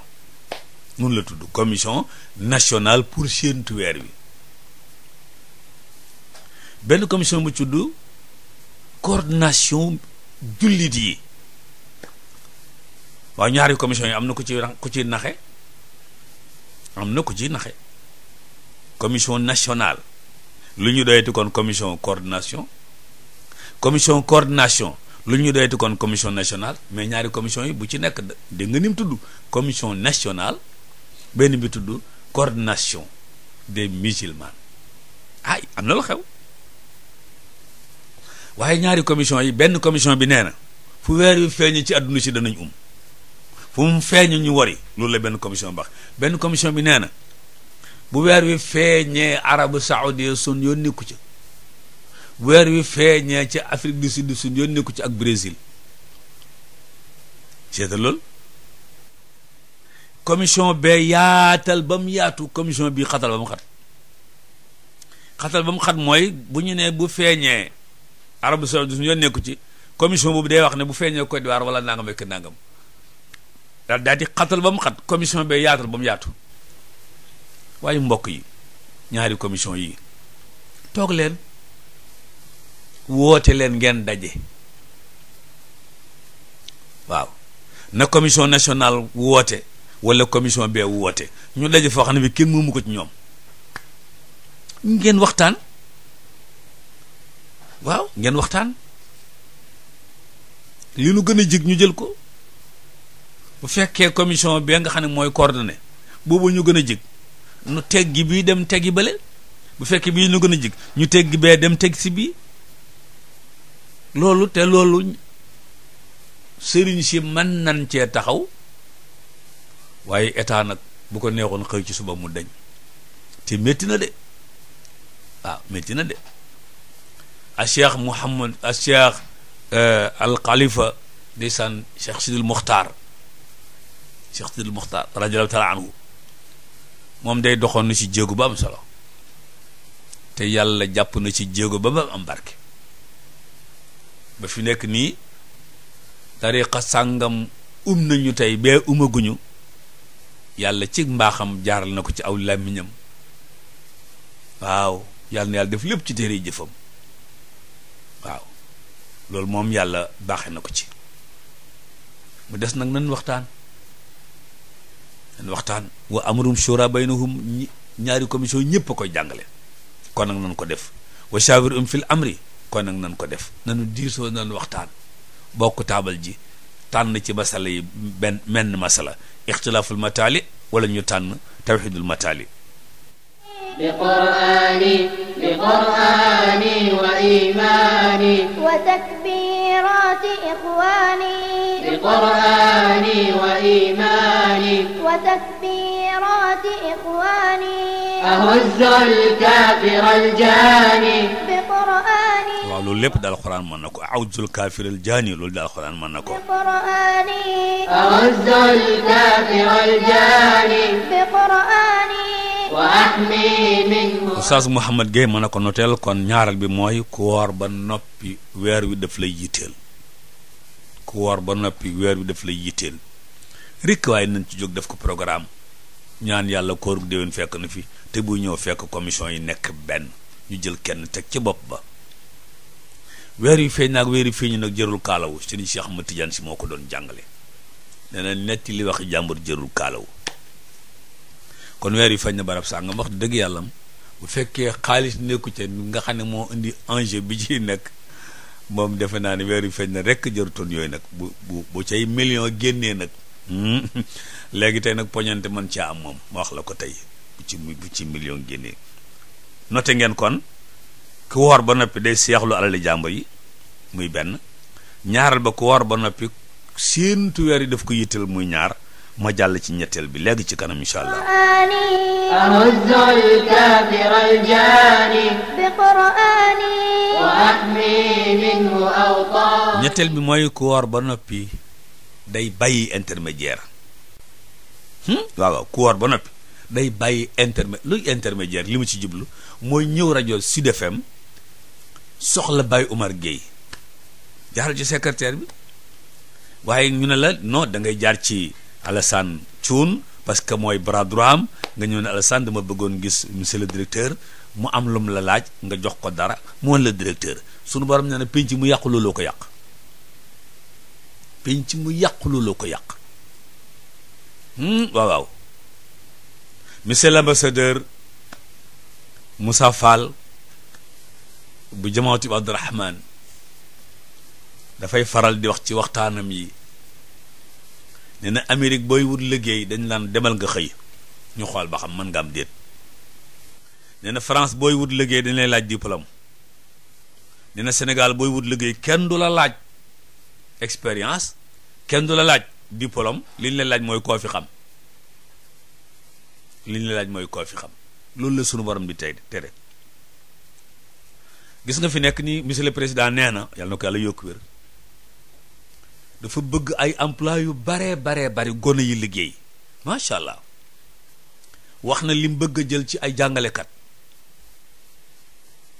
nun la tudd commission national pour séentu weer wi benn commission bu tudd coordination jullit yi waaw ñaari commission yi am na ko ci ku ci naxe am na ku ci naxe commission national lu ñu doyati kon commission coordination commission coordination lu ñu doyati kon commission national mais ñaari commission yi bu ci nekk dégg nga ni tudd commission nationale benn bi tudd coordination des musulmans ay am na lu xew waaye ñaari commission yi benn commission bi nee na fu weer yu feeñ ci àdduna si danañ um fu mu feeñ ñu wari loolu la benn commission bax benn commission bi nee na bu weer wi feeñee arabu saudi sun yoon nekku ca weer wi feeñee ci Afrique du Sud suñ yoon nekku ci ak Brésil seetal loolu commission bee yaatal ba mu yaatu commission bii xatal ba mu xat xatal ba mu xat mooy bu ñu nee bu feeñee arabu Saoudite suñu yoon nekku ci commission boobu day wax ne bu feeñee Côte d'Ivoire wala nangam ak nangam daal daal di xatal ba mu xat commission bee yaatal ba mu yaatu waaye mbokk yi ñaari commission yi toog leen woote leen ngeen daje waaw na commission nationale woote wala commission bee woote ñu daje foo xam ne bi kenn moomu ko ci ñoom ngeen waxtaan waaw ngeen waxtaan li nu gën a jig ñu jël ko bu fekkee commission bee nga xam ne mooy coordonné boobu ñu gën a jig nu teggi bii dem teggi bale bu fekkee bii nu gën a jig ñu teggi bee dem teg si bii loolu te loolu sëriñ si man nan cee taxaw waaye état nag bu ko neexoon xëy ci suba mu dañ te métti na de waaw métti na de a cheikh Mouhamad a cheikh euh, al Khalifa ndeysaan cheikh Sidil Muxtaar cheikh Sidil Muxtaar radiyallahu taala anhu moom day doxoon na ci jéego ba am solo te yàlla jàpp na ci jéego ba ba am barke ba fi nekk nii tariqa sàngam um nañu tey bee umaguñu yàlla ci mbaaxam jaaral na ko ci aw làmmiñam waaw yàlla na yàlla def lépp ci téere jëfam waaw loolu moom yàlla baaxe na ko ci mu des nag nan waxtaan nan waxtaan wa amrum shura baynahum ñaari commission ñëpp a koy jàngale kon nag nan ko def wa shawirhum fil amri kon nag nan ko def nanu diisoo nanu waxtaan bokk taabal ji tànn ci masala yi benn menn masala ixtilaaful mataali wala ñu tànn tawxidul mataali bi qur'aani bi qur'aani wa imaani wa takbiraati ixwaani bi qur'aani wa imaani wa takbiraati ixwaani ahuzzu al-kaafira al-jaani bi qur'aani waaw loolu lépp daal xuraan mën na ko awzul kaafiril jaani loolu daal xuraan mën na ko awzul kaafiril jaani bi quraani mën na ko noteel kon ñaaral bi mooy ku woor ba noppi weer wi daf lay yitteel ku woor ba noppi weer wi daf lay yitteel rikk waaye nañ ci jóg def ko programme ñaan yàlla kóor gu fekk na fi te bu ñëw fekk commission yi nekk benn ñu jël kenn teg ci bopp ba weer yu feeñ naag weer yu feeñu nag jërul kaalawu sëriñ Cheikh ma Tidiane si moo ko doon jàngale nee na netti li wax jàmbur jërul kaalawu kon weer yu feeñ na barab sàngam wax dëgg yàlla bu fekkee xaalis nekku ca nga xam ne moo indi enjeu bi ci nekk moom defe naa ne weer yu feeñ na rekk jërutoon yooyu nag bu bu bu cay million génnee nag hmm, léegi tey nag poñante man caa am moom ma wax la ko tey bu ci bu ci million génnee note ngeen kon ku woor ba noppi day seexlu alal jàmbo yi muy benn ñaaral ba ku woor ba noppi séentu weer yi daf ko yittal muy ñaar ma jàll ci ñetteel bi léegi ci kanam incha allah ahuzul kafir aljani bi ñetteel bi mooy ku ba noppi day bàyyi intermédiaire hmm? waaw waaw ku woor ba noppi day bàyyi intermé luy intermédiaire li mu ci jublu mooy ñëw rajo Sud FM soxla Baye Umar Gueye jaaral ci secrétaire bi waaye ñu ne la non da ngay jaar ci Alassane Thioune parce que mooy bras droit nga ñëw ne Alassane dama bëggoon gis monsieur le mu am lu la laaj nga jox ko dara moo directeur sunu borom nee na mu yàqu looloo ko yàq penc mu yàqu looloo ko yàq hmm, waaw waaw monsieur l'ambassadeur Moussa Fall bu jamaatu bi Abdurahmaan dafay faral di wax ci waxtaanam yi nee na booy wut liggéey dañ laan demal nga xëy ñu xool ba xam mën nga am déet nee na France booy wut liggéey dañ lay laaj diplôme nee na Sénégal booy wut liggéey kenn du la laaj expérience kenn du la laaj diplôme li ñu lay laaj mooy koo xam li ñu lay laaj mooy koo xam loolu la sunu borom di tey tere gis nga fi nekk ni monsieur le président nee na yàlla na ko yàlla yokk wér dafa bëgg ay emploi yu baree baree bari gone yi liggéey macha allah wax na lim bëgg jël ci ay jàngalekat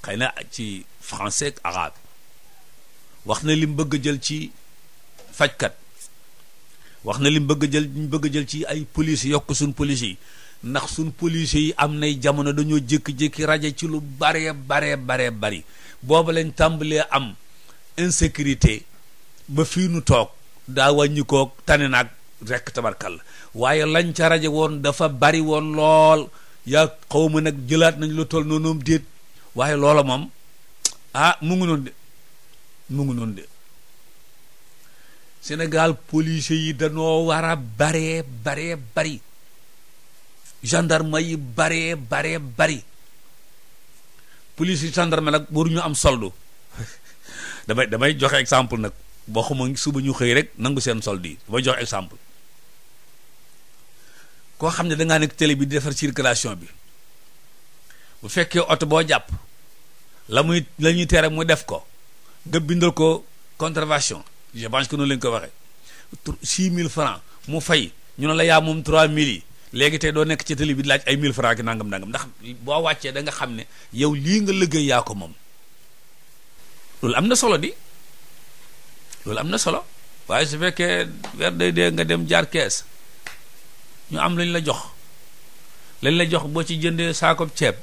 xëy na ci français ak arabe wax na lim bëgg jël ci fajkat wax na lim bëgg jël bëgg jël ci ay police yokk sunu police yi ndax suñ police yi am nay jamono dañoo jékki-jékki rajo ci lu baree baree baree bari booba lañ tàmbalee am insécurité ba fii nu toog daa wàññi koog tane naag rekk tabarkal la waaye lañ ca rajo woon dafa bari woon lool yaa xaw ma nag jëlaat nañ lu toll noonoom déet waaye loola moom ah mu ngi noonu de mu ngi noonu de Sénégal police yi dañoo war a baree baree bari gendarme yi baree baree bari police yi gendarme nag waruñu am soldu damay damay joxe exemple nag boo xuma suba ñu xëy rek nangu seen soldu yi damay joxe exemple koo xam ne dangaa nekk télé bi di defar circulation bi bu fekkee oto boo jàpp la muy la ñuy tere mu def ko nga bindal ko contravention je pense que noonu la ñu ko waxee six mille francs mu fay ñu ne la yaa moom trois mille yi léegi tey doo nekk ci télé bi laaj ay 1000 francs ki nangam nangam ndax boo wàccee da nga xam ne yow lii nga liggéey yaa ko moom loolu am na solo di loolu am na solo waaye su fekkee weer day dee nga dem jaar kees ñu am lañ la jox lañ la jox boo ci jëndee saako ceeb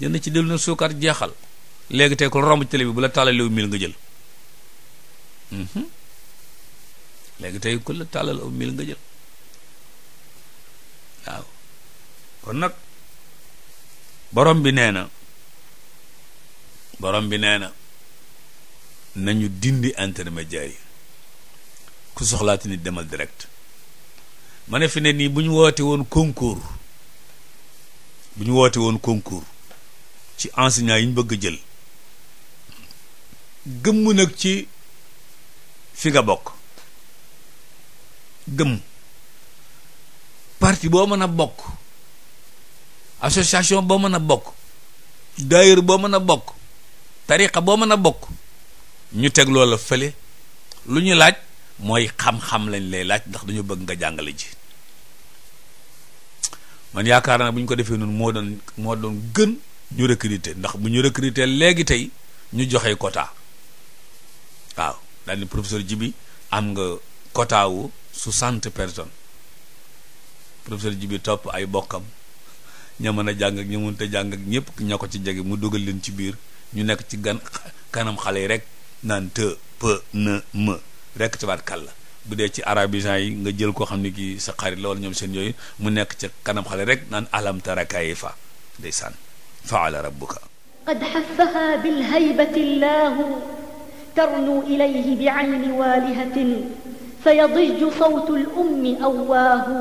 jënd ci dellu na suukar jeexal léegi tey ku romb ci bu la tàllalewu 1000 nga jël mhm. léegi tey ku la tàllalewu 1000 nga jël kon nag borom bi nee na borom bi nee na nañu dindi intermédiaire yi ku soxlaati nit demal direct ma ne fi ne nii bu ñu woote woon concours bu ñu woote woon concours ci enseignant yi ñu bëgg jël gëmm nag ci fi nga bokk gëmm partie boo mën a bokk association boo mën a bokk daayir boo mën a bokk tariqa boo mën a bokk ñu teg la fële lu ñu laaj mooy xam-xam lañ lay laaj ndax dañu bëgg nga jàngale ji man yaakaar naa bu ñu ko defee noonu moo doon moo doon gën ñu recruter ndax bu ñu recruter léegi tey ñu joxe quota waaw daal ni professeur Jibi am nga quota wu soixante personnes professeur Jibi topp ay bokkam ña mën a jàng ak ña jàng ak ñëpp ña ko ci jege mu dugal leen ci biir ñu nekk ci gan kanam xale yi rek naan te pe ne me rek ci baat kàlla bu dee ci arabisant yi nga jël koo xam ne kii sa xarit la wala ñoom seen yooyu mu nekk ca kanam xale rek naan alam fa kayfa ndeysaan faala rabbuka qad xafaha bilhaybati llahu tarnu ilayhi biayni waalihatin sayadiju sawtu lummi awaahu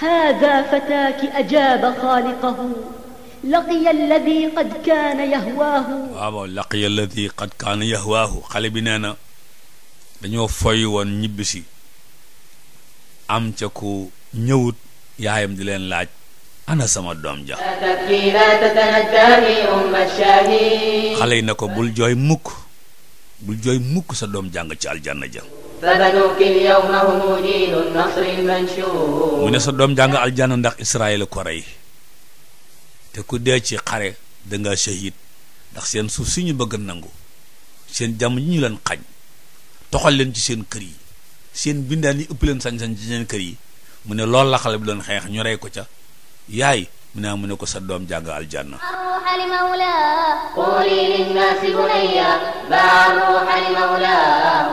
هذا فتاك أجاب خالقه laqiya alladi qad kaana yahwaahu waaw xale bi nee na dañoo foy woon ñibbisi am ca ku ñëwut yaayam di leen laaj ana sama doom ja xale yi na ko bul jooy mukk bul jooy mukk sa doom jàng ci al aljanna ja mu ne sa doom jàng aljanna ndax Israël ko rey te ku dee ci xare danga shahid ndax seen suuf si ñu bëgg nangu seen jàmm ñi ñu leen xañ toxal leen ci seen kër yi seen bindaan yi ëpp leen sañ-sañ ci seen kër yi mu ne loolu la xale bi doon xeex ñu rey ko ca yaay mu ne ah, mu ne ko sa doom jàng aljanna ruuxa li mawla quli linnaasi bunayya baa ruuxa li mawla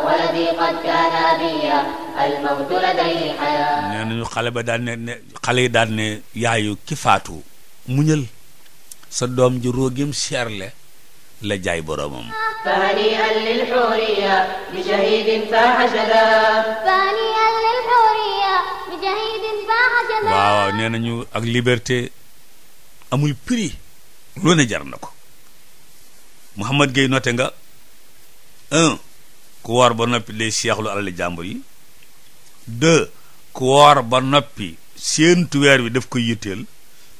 waladi qad kaana abiya almawtu ladayhi xayaa nee nañu xale ba daan ne ne xale yi daan ne yaayu ki faatu muñal sa doom ji róogim seerle la jaay boromam fahni'an lil huriya bi shahidin fahajada fahni'an lil huriya bi shahidin fahajada waaw nee nañu ak liberté amul prix lu ne jar na ko Mouhamad Gueye noté nga un ku ba noppi day seexlu alal jàmbur yi deux ku ba noppi seen weer bi daf ko yitteel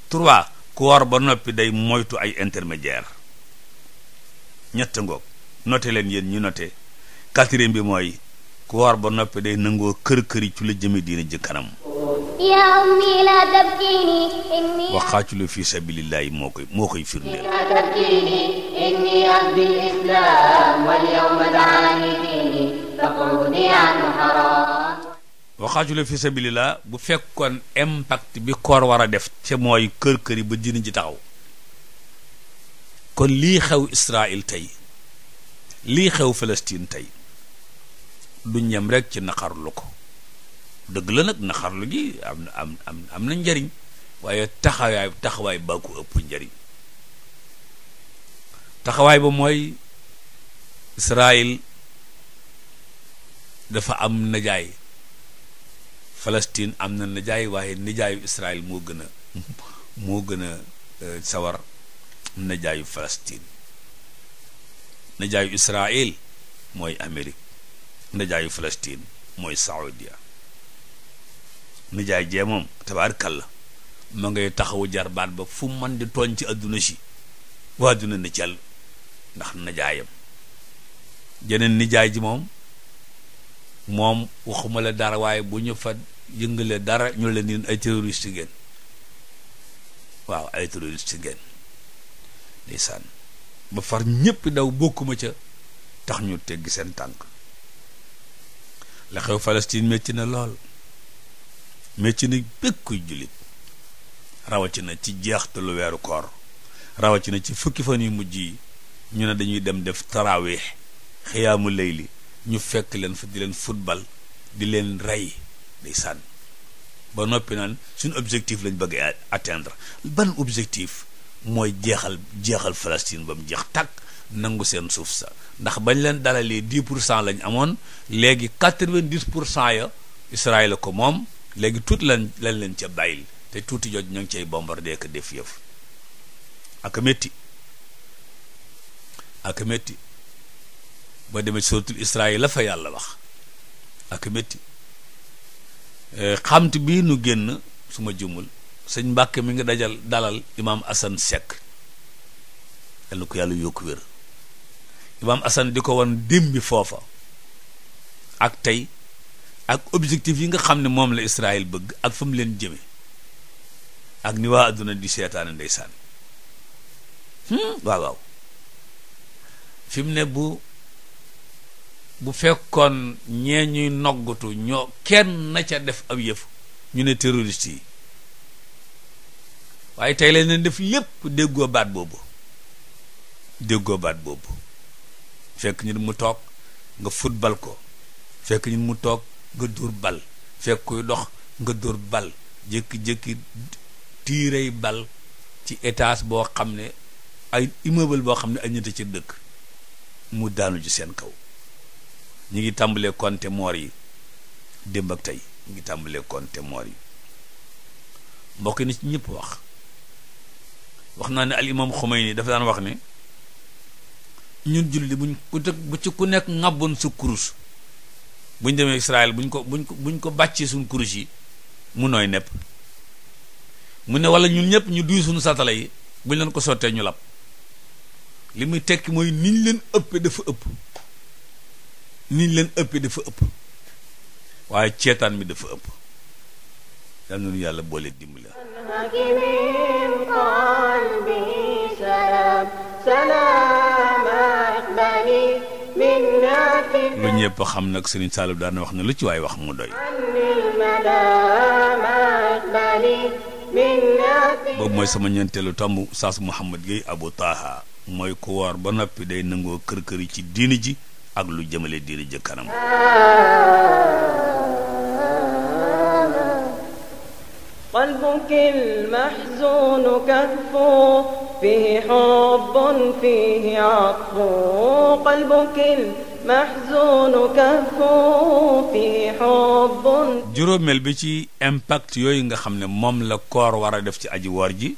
trois ku ba noppi day moytu ay intermédiaire ñett ngoog note leen yéen ñu noté quatrième bi mooy ku ba noppi day nangoo kër kër yi ci la jëme diina ji wa xaatilu fi sabilillahi moo koy moo koy firndeel wa xaatilu fi sabilillah bu fekkoon impact bi koor war a def ca mooy kër kër ba dina ji taxaw kon lii xew Israël tey lii xew Palestine tey du ñem rek ci naqarlu ko dëgg la nag na am am am na njariñ waaye taxawaay taxawaay ba ko ëpp njariñ taxawaay ba mooy Israël dafa am najaay Palestine am na najaay waaye najaayu Israël moo gën a moo gën a euh, sawar najaayu Palestine najaayu Israël mooy Amérique najaayu Palestine mooy Saoudia nijaay jee moom la mu ngay taxawu jarbaat ba fu man di tooñ ci àdduna si waa du ne cell ndax nijaayam jeneen nijaay ji moom moom waxuma la dara waaye bu ñu fa yëngale dara ñu leen niin ay ci ngeen waaw ay ci ngeen ndeysaan ba far ñépp daw bokkuma ca tax ñu teggi seen tànk la xew Palestine metti na lool mais ci nag bëgg kuy jullit rawatina ci jeextalu weeru koor rawatina ci fukki fan yu mujj yi ñu ne dañuy dem def taraawix xiyaamu li ñu fekk leen fa di leen football di leen rey day sànn ba noppi naan suñu objectif lañ bëgg a atteindre ban objectif mooy jeexal jeexal Palestine ba mu jeex takk nangu seen suuf sa ndax bañ leen dalalee di pour cent lañ amoon léegi quatre-vingt-dix pour cent ya Israël ko moom léegi tuuti lan lan leen ca bàyyil te tuuti joj ñoo ngi cay bombardé ko def yëf ak métti ak métti ba demee suratul Israël la fa yàlla wax ak métti eh, xamt bii nu génn suma ma jumul sëñ Mbàkke mi ngi dajal dalal imaam Assane Seck yal ko yàlla yokk wér imaam Assane di ko wan dimbi foofa ak tey ak objectif yi nga xam ne moom la Israël bëgg ak fa mu leen jëme ak ni waa àdduna di seetaane ndeysaan hmm, waaw waaw fi ne bu bu fekkoon ñee ñuy noggatu ñoo kenn na ca def ab yëf ñu ne terroriste yi waaye tey lañ leen def lépp déggoo baat boobu déggoo baat boobu fekk ñun mu toog nga futbal ko fekk ñun mu toog nga dóor bal fekk kuy dox nga dóor bal jékki-jékki tiirey bal ci étage boo xam ne ay immeuble boo xam ne ay ñett ci dëkk mu daanu ci seen kaw ñu ngi tàmbalee compter mort yi démb ak tey ñu ngi tàmbalee te mort yi mbokk ni ci ñëpp wax wax naa ne al imam Khomeini dafa daan wax ne ñun julli buñ ku te bu ci ku nekk ngàbboon sa kurus buñ demee bu buñ ko buñ ko buñ ko bàccee suñ kurus yi mu nooy nepp mu ne wala ñun ñëpp ñu duy suñu satala yi buñ leen ko sottee ñu lab li muy tekki mooy niñ leen ëppee dafa ëpp niñ leen ëppee dafa ëpp waaye ceetaan mi dafa ëpp yal yàlla boole dimbali la lu ñëpp xam nag Serigne Saliou daan na wax ne lu ci waay wax mu doy. boobu mooy sama ñeenteelu tomb Saas Mouhamad Gueye Abou Taha mooy ku ba noppi day nangoo kër kër ci diini ji ak lu jëmale diini ji kanam. Ah. قلبك juróomeel bi ci impact yooyu nga xam ne moom la koor war def ci aji woor ji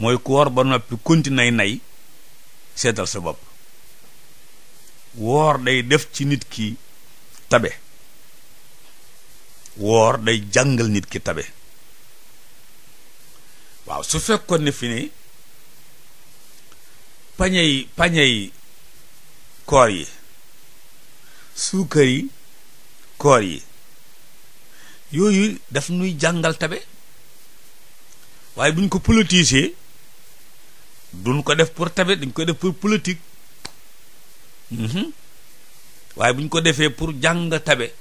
mooy ku ba noppi kunti nay nay seetal sa bopp woor day def ci nit ki tabe woor day jàngal nit ki tabe waaw su fekkoon ne fi ni pañe yi koor yi suukar yi koor yi yooyu daf nuy jàngal tabe waaye bu ñu ko politisé duñ ko def pour tabe dañ ko def pour politique mhm. waaye bu ñu ko defee pour jàng tabe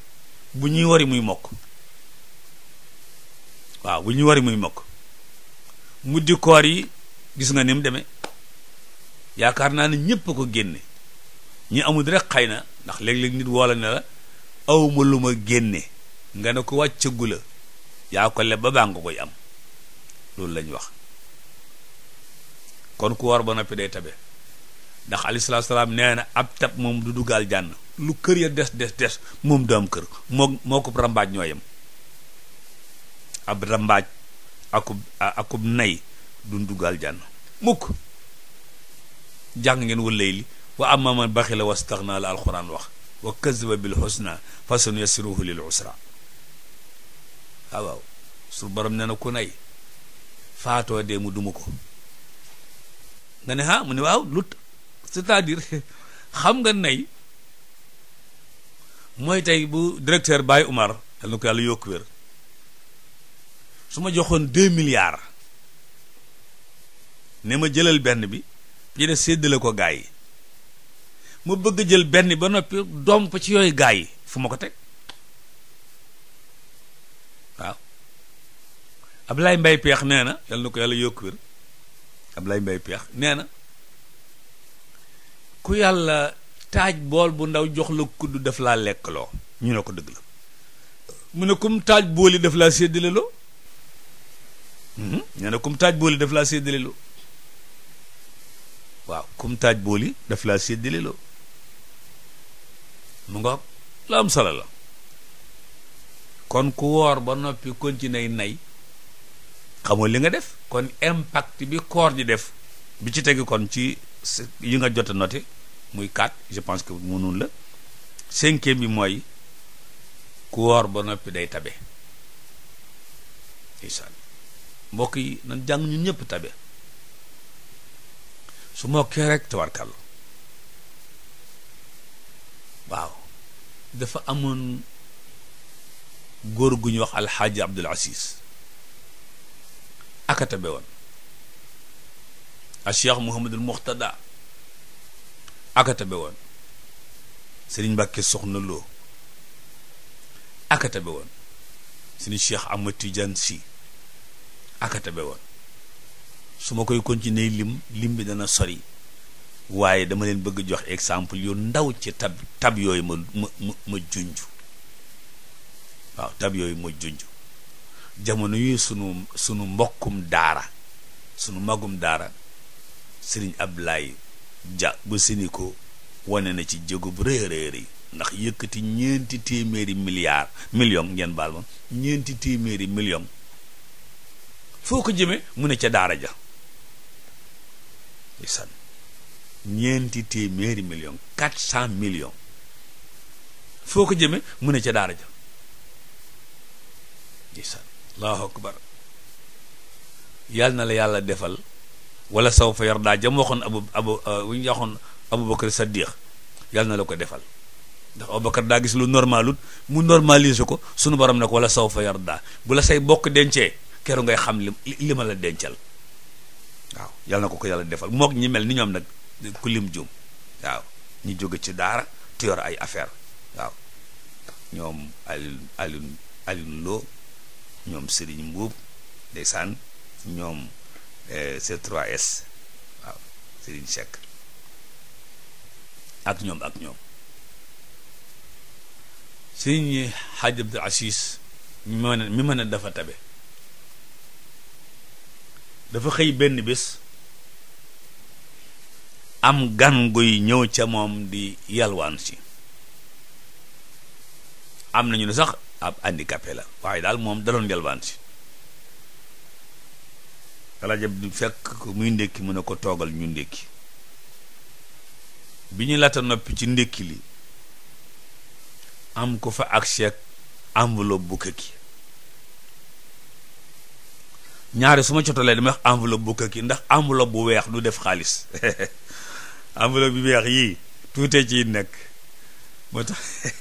bu ñuy wari muy mokk waaw bu ñu wari muy mokk muddi koor yi gis nga nim deme yaakaar naa ne ñëpp ko génne ñi amul rek xay na ndax léeg-léeg nit woola ne la awma lu ma génne nga ne ko wàccagu la yaa ko leb ba baa nga koy am loolu lañ wax kon ku war ba noppi day tabe ndax alayhi salaam nee na ab tab moom du dugaal jànn lu kër ya des des des moom doom kër moo moo ko rambaaj ñooyam ab rambaaj akub akub nay duñ dugg aljanna mukk jàng ngeen wal layli wa amma man baxila wastaxna la alquran wax wa kazaba bil xusna fa sanu yassiruhu lil usra waaw su borom nee na ku nay faatoo dee mu duma ko nga ne ah mu ne waaw lut c'est-à-dire xam nga nay mooy tey bu directeur Baye Umar yal na ko yàlla yokk wér su ma joxoon deux milliards ne ma jëlal benn bi ñu ne séddale ko gaa yi ma bëgg jël benn ba noppi domp ci yooyu gaa yi fu ma ko teg waaw lay Mbaye Peex nee na na ko yàlla yokk wér lay Mbaye Peex nee na ku yàlla taaj bool bu ndaw jox la kudd daf laa lekk loo ñu ne ko dëgg la mu ne comme taaj bool yi daf laa séddale loo Mhm. nee na kum taaj booli daf laa séddaleloo waaw kum taaj booli daf laa séddaleloo mu nga la am solo la kon ku woor ba noppi kon continuer nay xamoo li nga def kon impact bi koor ji def bi ci tegi kon ci yi nga jot a muy 4 je pense que mënul la cinquième bi mooy ku woor ba noppi day tabe mbokk yi nan jàng ñun ñëpp tabe su mokkee rek tawarkal waaw dafa amoon góor gu ñuy wax alxaaji abdul asis aka tabe woon a cheikh muhammadul muxtada aka tabe woon sëriñ mbàkke soxna loo aka tabe woon sëriñ cheikh ahmad tidiane si aka woon su ma koy continuer lim lim bi dana sori waaye dama leen bëgg jox exemple yu ndaw ci tab tab yooyu ma ma ma junj waaw tab yooyu ma junj jamono yi sunu sunu mbokkum daara sunu mbaggum daara sëriñ Ablaye ja ba sini ko wane na ci jégub réeréer yi ndax yëkkati ñeenti téeméeri milliards million ngeen baal ma ñeenti téeméeri million foo ko jëmee mu ne ca daaraja ja isan ñeenti téeméeri million quatre cent millions foo ko jëmee mu ne ca daara ja isan allahu akbar yàlla na la yàlla defal wala saw fa yardaa jam waxoon abu abu uh, wu ñu waxoon abubakar yàlla na la ko defal ndax abubakar daa gis lu normalut mu normalisé ko sunu borom ne ko wala saw fa yardaa bu la say bokk dencee keroo ngay xam li li ma la dencal waaw yal na ko ko yàlla defal mook ñi mel ni ñoom nag ku lim jum waaw ñu jóge ci daara te yor ay affaire waaw ñoom Alioune Alioune Lo ñoom Serigne Mbuub ndeysaan ñoom eh, C3S waaw Serigne Cheikh ak ñoom ak ñoom Serigne Hadj Abdou Assis mi mën a mi mën a dafa tabe dafa xëy benn bés am gan guy ñëw ca moom di yalwaan si am nañu ne sax ab handicapé la waaye daal moom daloon yalwaan si alajab di fekk ko muy ndékki mu ne ko toogal ñu ndékki bi ñu laata noppi ci ndékki li am ko fa ak chèque enveloppe bu këkki ñaari suma ma cotalee dama wax enveloppe bu këkk yi ndax enveloppe bu weex du def xaalis enveloppe bu weex yii tuute ci nekk moo tax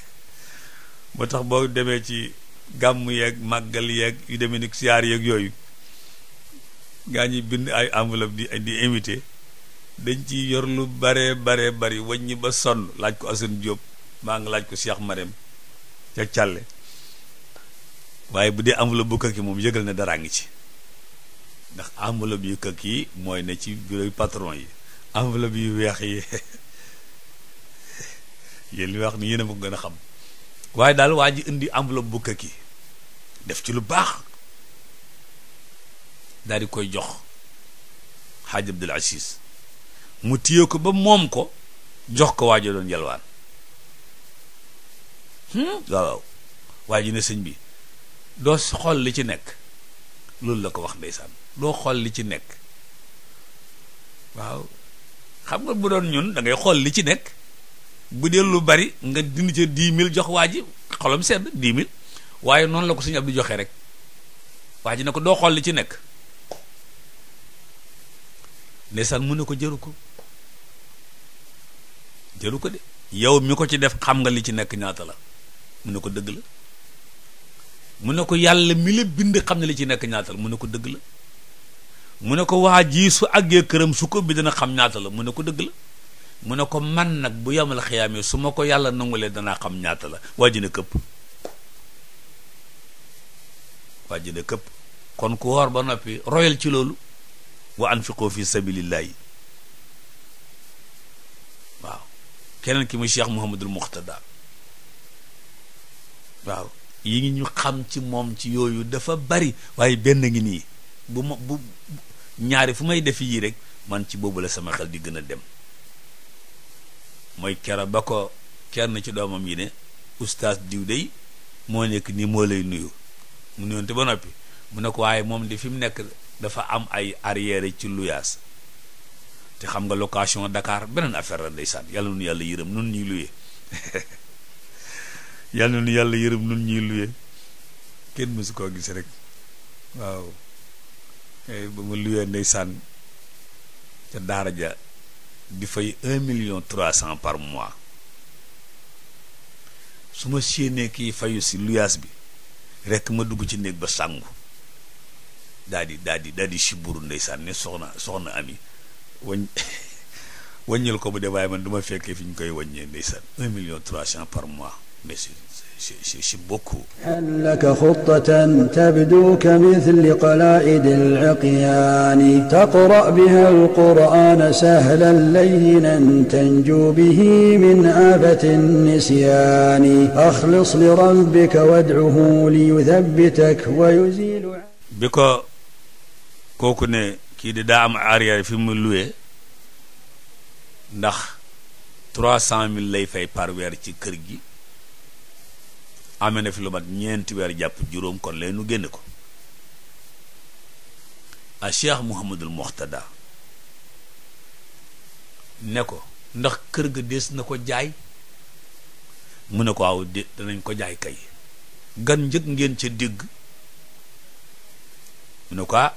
moo tax boo demee ci gàmm yeeg màggal yeeg yu demee ni siyaar yeeg yooyu gaa ñi bind ay enveloppe di di invité dañ ci yor lu bare bare bari ñi ba sonn laaj ko Assane Diop maa ngi laaj ko Cheikh Marème ca Càlle waaye bu dee enveloppe bu këkk yi moom yëgal na daraa ngi ci ndax enveloppe yu këkk yi mooy ne ci bureau patron yi enveloppe yu weex yi yéen li wax ni yéen ma ko gën a xam waaye daal waa ji indi enveloppe bu këkk yi def ci lu baax daal di koy jox xaaj Abdul Aziz mu téye ko ba moom ko jox ko waa ji doon jalwaan hmm? waaw waa ji ne sëñ bi doo xool li ci nekk loolu la ko wax ndeysaan doo xool li ci nekk waaw xam nga bu doon ñun dangay ngay xool li ci nekk bu dee lu bari nga dindi ca dix jox waaj ji xolam sedd dix mille waaye noonu la ko suñu ab di joxee rek waa ji ne ko doo xool li ci nekk ndeysaan mu ne ko jëru ko jëru ko de yow mi ko ci def xam nga li ci nekk ñaata la mu ne ko dëgg la mu ne ko yàlla mi la bind xam ne li ci nekk ñaata la mu ne ko dëgg la mu ne ko waa jii su àggee këram su ko bi dana xam ñaata la mu ne ko dëgg la mu ne ko man nag bu yamal xiyaamee su ma ko yàlla nangulee danaa xam ñaata la waa ji ne këpp waa këpp kon ku woor ba noppi royal ci loolu wa anfiqoo fi sabilillahi waaw keneen ki muy Cheikh Mouhamadul Muxtada waaw yi ngi ñu xam ci moom ci yooyu dafa bari waaye benn ngi nii bu ma bu ñaari fu may def yii rek man ci boobu la sama xel di gën a dem mooy kera ba ko kenn ci doomam yi ne oustaz diw dey moo nekk nii moo lay nuyu mu nuyoon te ba noppi mu ne ko waaye moom di fi mu nekk dafa am ay arrière ci luyaas te xam nga location Dakar beneen affaire la ndeysaan yàlla nu yàlla yërëm nun ñuy luyee yàlla nu yàlla yërëm nun ñuy luyee kenn mësu koo gis rek waaw Eh, ba ma luyee ndeysaan ca daara ja di fay un million trois cent par mois su ma ne kii fayu si luyaas bi rekk ma dugg ci néeg ba sàngu daal di daal di daal di siburu ndeysaan ne soxna soxna ami wañ waññal ko bu dee waaye man du fekkee fi ñu koy waññee ndeysaan un million trois cent par mois merci chez, chez beaucoup. لك خطة تبدو كمثل قلائد العقيان تقرأ بها القرآن سهلا لينا تنجو به من آفة النسيان أخلص لربك وادعه ليثبتك ويزيل bi ko kooku ne kii di daa am aria fi mu luwee ndax trois cent mille lay fay par weer ci kër gi amee na fi ñeenti weer jàpp juróom kon lay nu génn ko a cheikh Mouhamadul Moxtada ne ko ndax kër ga des na ko jaay mu ne ko waaw de danañ ko jaay kay gan njëg ngeen ca digg mu ne ko ah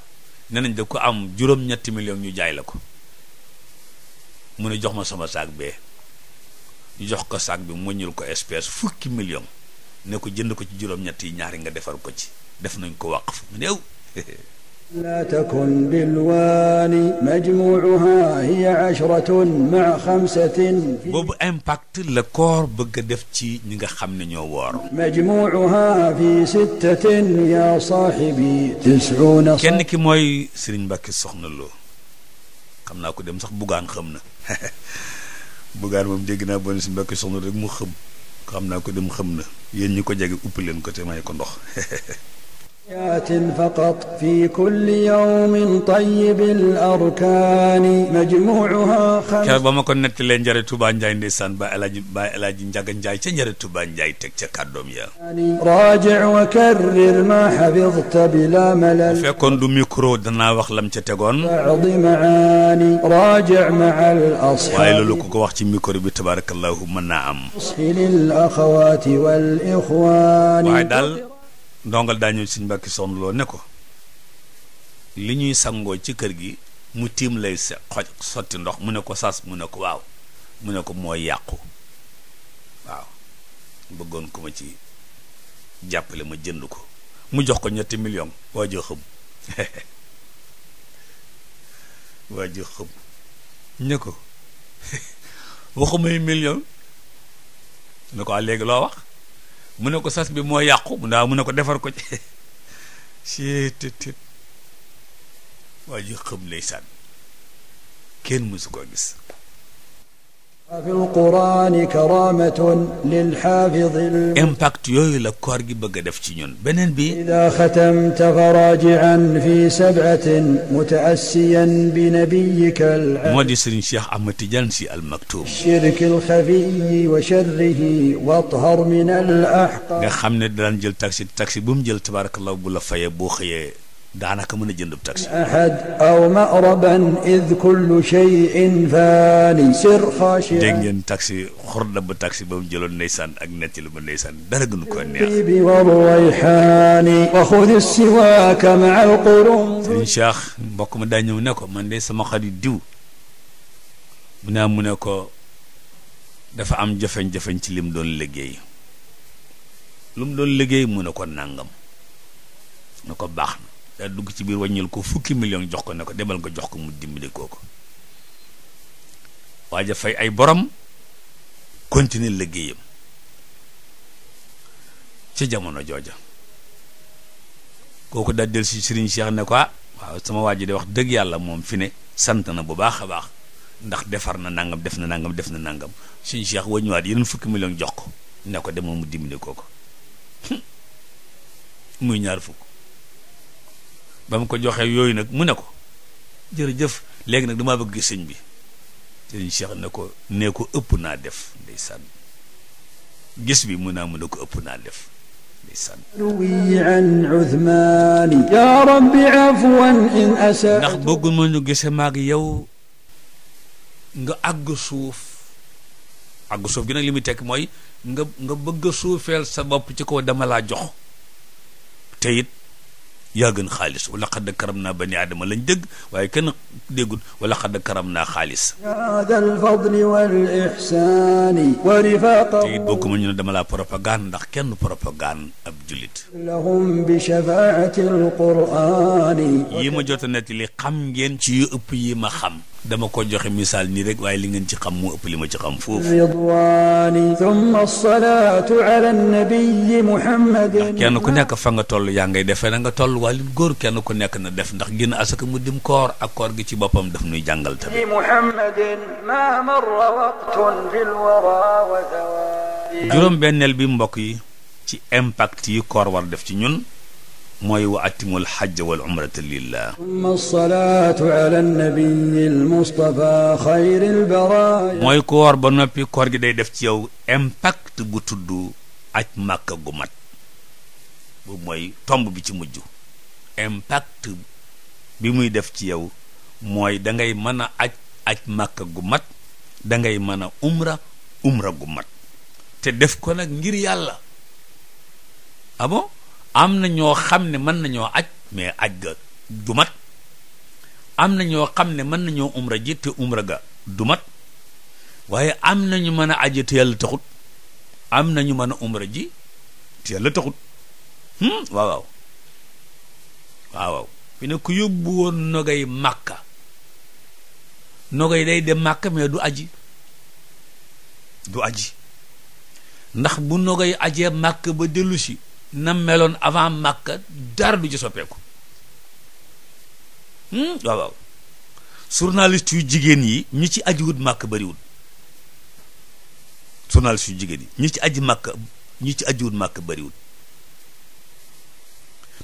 ne nañ da ko am juróom-ñetti million ñu jaay la ko mu ne jox ma sama saag bee ñu jox ko saag bi muñul ko espèce fukki million ne ko jënd ko ci juróom-ñett yi ñaari nga defar ko ci def nañ ko waqf mu néew لا تكن la koor bëgg a def ci ñi nga xam ne ñoo woor kenn ki mooy Serigne Mbacke Soxna Lo xam naa ko dem sax bugaan xam na bugaan moom dégg naa bon si Mbacke Soxna rek mu xam xam naa ko dem xam na yéen ñi ko jege uppi leen ko te may ko ndox فقط في كل يوم طيب الأركان مجموعها خمس keroog ba ma ko nettalee njare Touba Ndiaye ndeysaan ba Alaaji ba Alaaji Njaga Njaay ca njare Touba Ndiaye teg ca kàddoom ya راجع وكرر ما حفظت بلا ملل fekkoon du micro danaa wax lam ca tegoon بعض معاني راجع مع الأصحاب waaye loolu ku ko wax ci micro bi tabaarakallahu mën naa am للأخوات والإخوان waaye daal ndongal daa ñëw Sëñ Mbàkke Soxna Lo ne ko li ñuy sangoo ci kër gi mu tiim lay xoj sotti ndox mu ne ko sas mu ne ko waaw mu ne ko mooy yàqu waaw bëggoon ku ma ci jàppale ma jënd ko mu jox ko ñetti million waa ji xëm waa xëm ne ko waxumay million ne ko a ah, léegi loo wax mu ne ko sas bi moo yàqu mu ndaa mu ne ko defar ko ci seetetet waa ji xam ndeysaan kenn mësu koo gis impact yooyu la koor gi bëgg a def ci ñun beneen bi ida xatamta farajian fi sabatin mutaasiyan bi nabiyika moo di sëriñ Cheikh Ahmad Tidiane Sy Al Maktoum shirk alxafiyi wa sharrihi wathar min al ahqaar nga xam ne daan jël taxi taxi bu mu jël tabarakallah bu la faye boo xëyee daanaka mën a jëndub taxi ahad aw maraban id kullu cheyin mu jëloon ndeysaan ak netti mbokk ma daa ñëw ne ko man de sama xarit diw mu ne mu ne ko dafa am jafeñ-jafeñ ci lim doon liggéey lu doon liggéey mu ne ko nàngam na ko baax daa dugg ci biir wàññil ko fukki million jox ko ne ko demal nga jox ko mu dimbali koo ko waaja fay ay borom continuer liggéeyam ci jamono jooja kooku daal del si Serigne Cheikh ne ko ah, sama waa ji de wax dëgg yàlla moom fi ne sant na bu baax a baax ndax defar na nangam def na nangam def na nangam Serigne Cheikh wëññiwaat yeneen fukki million jox ko ne ko demal mu dimbali koo ko muy ñaar fukk. ba mu ko joxee yooyu nag mu ne ko jërëjëf léegi nag damaa bëgg sëñ bi sëñ Cheikh ne ko ne ko ëpp naa def ndeysaan gis bi mu naa mun ne ko ëpp naa def ndeysaan ndax bëggul ma ñu gise maag yow nga àgg suuf àgg suuf gi nag li muy tekk mooy nga nga bëgg a suufeel sa bopp ci kaw dama laa jox te yaa gën xaalis wala xadda karam naa bani aadama lañ dégg waaye kenn déggul wala xadda karam naa xaalis te it bokk ma ñu ne dama laa propagande ndax kenn propagande ab julit lahum bi shafaati alqurani yi ma jota netti li xam ngeen ci yu ëpp yi ma xam dama ko joxe misaal nii rek waaye li ngeen ci xam moo ëpp li ma ci xam foofu ridwaani thumma salaatu ala ku nekk fa nga toll yaa ngay defee na nga toll wàllu góor kenn ku nekk na def ndax génn asaka mu dim koor ak koor gi ci boppam dafa nuy jàngal tamit muhammadin ma marra waqtun bil wara wa juróom benneel bi mbokk yi ci impact yi koor war def ci ñun mooy wa atimul xajja wal umrata lillah summa salaatu ala nabiyyil mustafa xayril ba noppi koor gi day def ci yow impact bu tudd aj màkka gu mat boobu mooy tomb bi ci mujj impact bi muy def ci yow mooy da ngay aj aj gu mat da ngay mën a umra umra gu mat te def ko nag ngir yàlla ah am na ñoo xam ne mën nañoo aj mais aj ga du am na ñoo xam ne mën nañoo umra ji te umra ga du waaye am na ñu mën a aji te yàlla taxut am na ñu mën a umra ji te yàlla taxut hmm? waaw waaw waaw waaw fi ne ku yóbbu woon nogay màkka nogay day dem màkka mais du aji du aji ndax bu nogay ajee màkk ba dellusi na meloon avant màkka dara du ci soppeeku hmm? waaw waaw journaliste yu jigéen yi ñu ci ajiwut wut màkk bariwul journaliste yu jigéen yi ñu ci aji màkk ñu ci aji wut màkk bariwul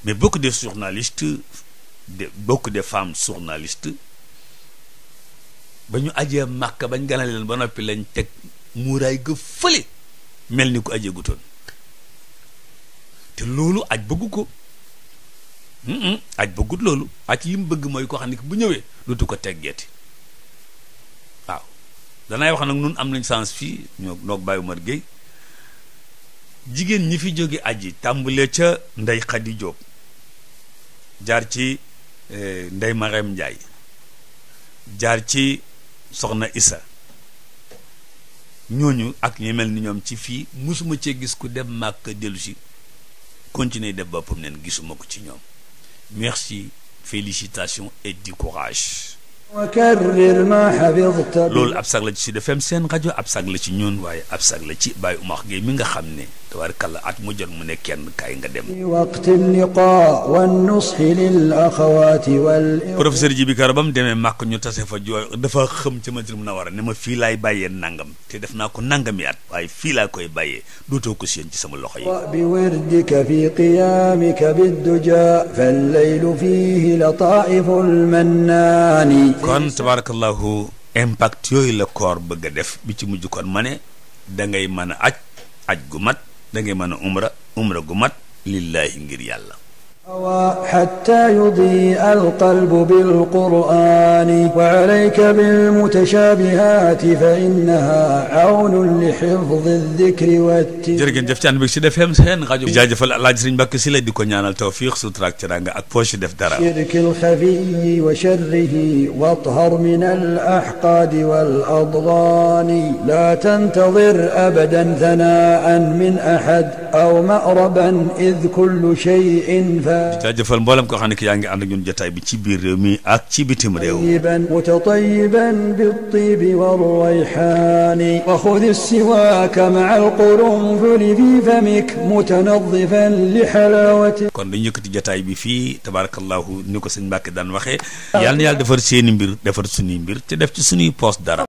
mais bokk de journalistes de beaucoup de femmes journalistes ba ñu ajee màkk bañ ganale leen ba noppi lañ teg muuraay ga fële mel ni ko ajee gutoon te loolu aj bëggu ko aj bëggut loolu aj yi mu bëgg mooy ko xam ne bu ñëwee dootu ko teggeeti waaw danay wax nag nun am nañ sens fii ñoo noog Baye Umar jigéen ñi fi jóge aji tàmbule ca Ndey Xadi Jóob jaar ci eh, Ndey Mareem Njaay jaar ci Soxna Isa ñooñu ak ñi mel ni ñoom ci fii musuma cee gis ku dem màkk dellu continuer def boppam neen gisuma ko ci ñoom merci félicitations et du loolu ab sagla la ci Sud FM seen rajo ab sag la ci ñun waaye ab sag la ci Baye Oumar Gueye mi nga xam ne tabaarkalla at mu jot mu ne kenn kaay nga dem waqti liqa wa nushi lil axawaati wal professeur Djibi Kara ba mu demee màkk ñu tase fa jooy dafa xëm ca Madina Munawara ne ma fii laay bàyyee nangam te def naa ko nangami yaat waaye fii laa koy bàyyee dootoo ko séen ci sama loxo yi bi wirdika fi qiyaamika bidduja fal laylu fihi lataa'ifu lmannaani kon tabaarakallahu impact yooyu la koor bëgg a def bi ci mujj kon ma ne da ngay mën a aj aj gu mat da ngay mën a umra umra gu mat lillaahi ngir yàlla حتى يضيء القلب بالقرآن وعليك بالمتشابهات فإنها عون لحفظ الذكر والتلاوة jërëjëf jëf caan bi si def seen rajo jaajëfal Alaaji Sëriñ Mbàkke si la di ko ñaanal tawfiix sutura ak teraanga ak poche def dara شرك الخفي وشره واطهر من الأحقاد والأضغان لا تنتظر أبدا ثناء من أحد أو مأربا إذ كل شيء di jaajëfal mboolem koo xam ne ki yaa ngi ànd ak ñun jotaay bi ci biir réew mi ak ci bitim réew mutatayiban bittibi warrayxaani wa xudi siwaaka maa alqurunfuli fi famik mutanadifan li xalawati kon dañu yëkkati jotaay bi fii tabarakallahu ni ko sëñ Mbàkke daan waxee yàlla na yàlla defar seeni mbir defar suñuy mbir te def ci suñuy poos dara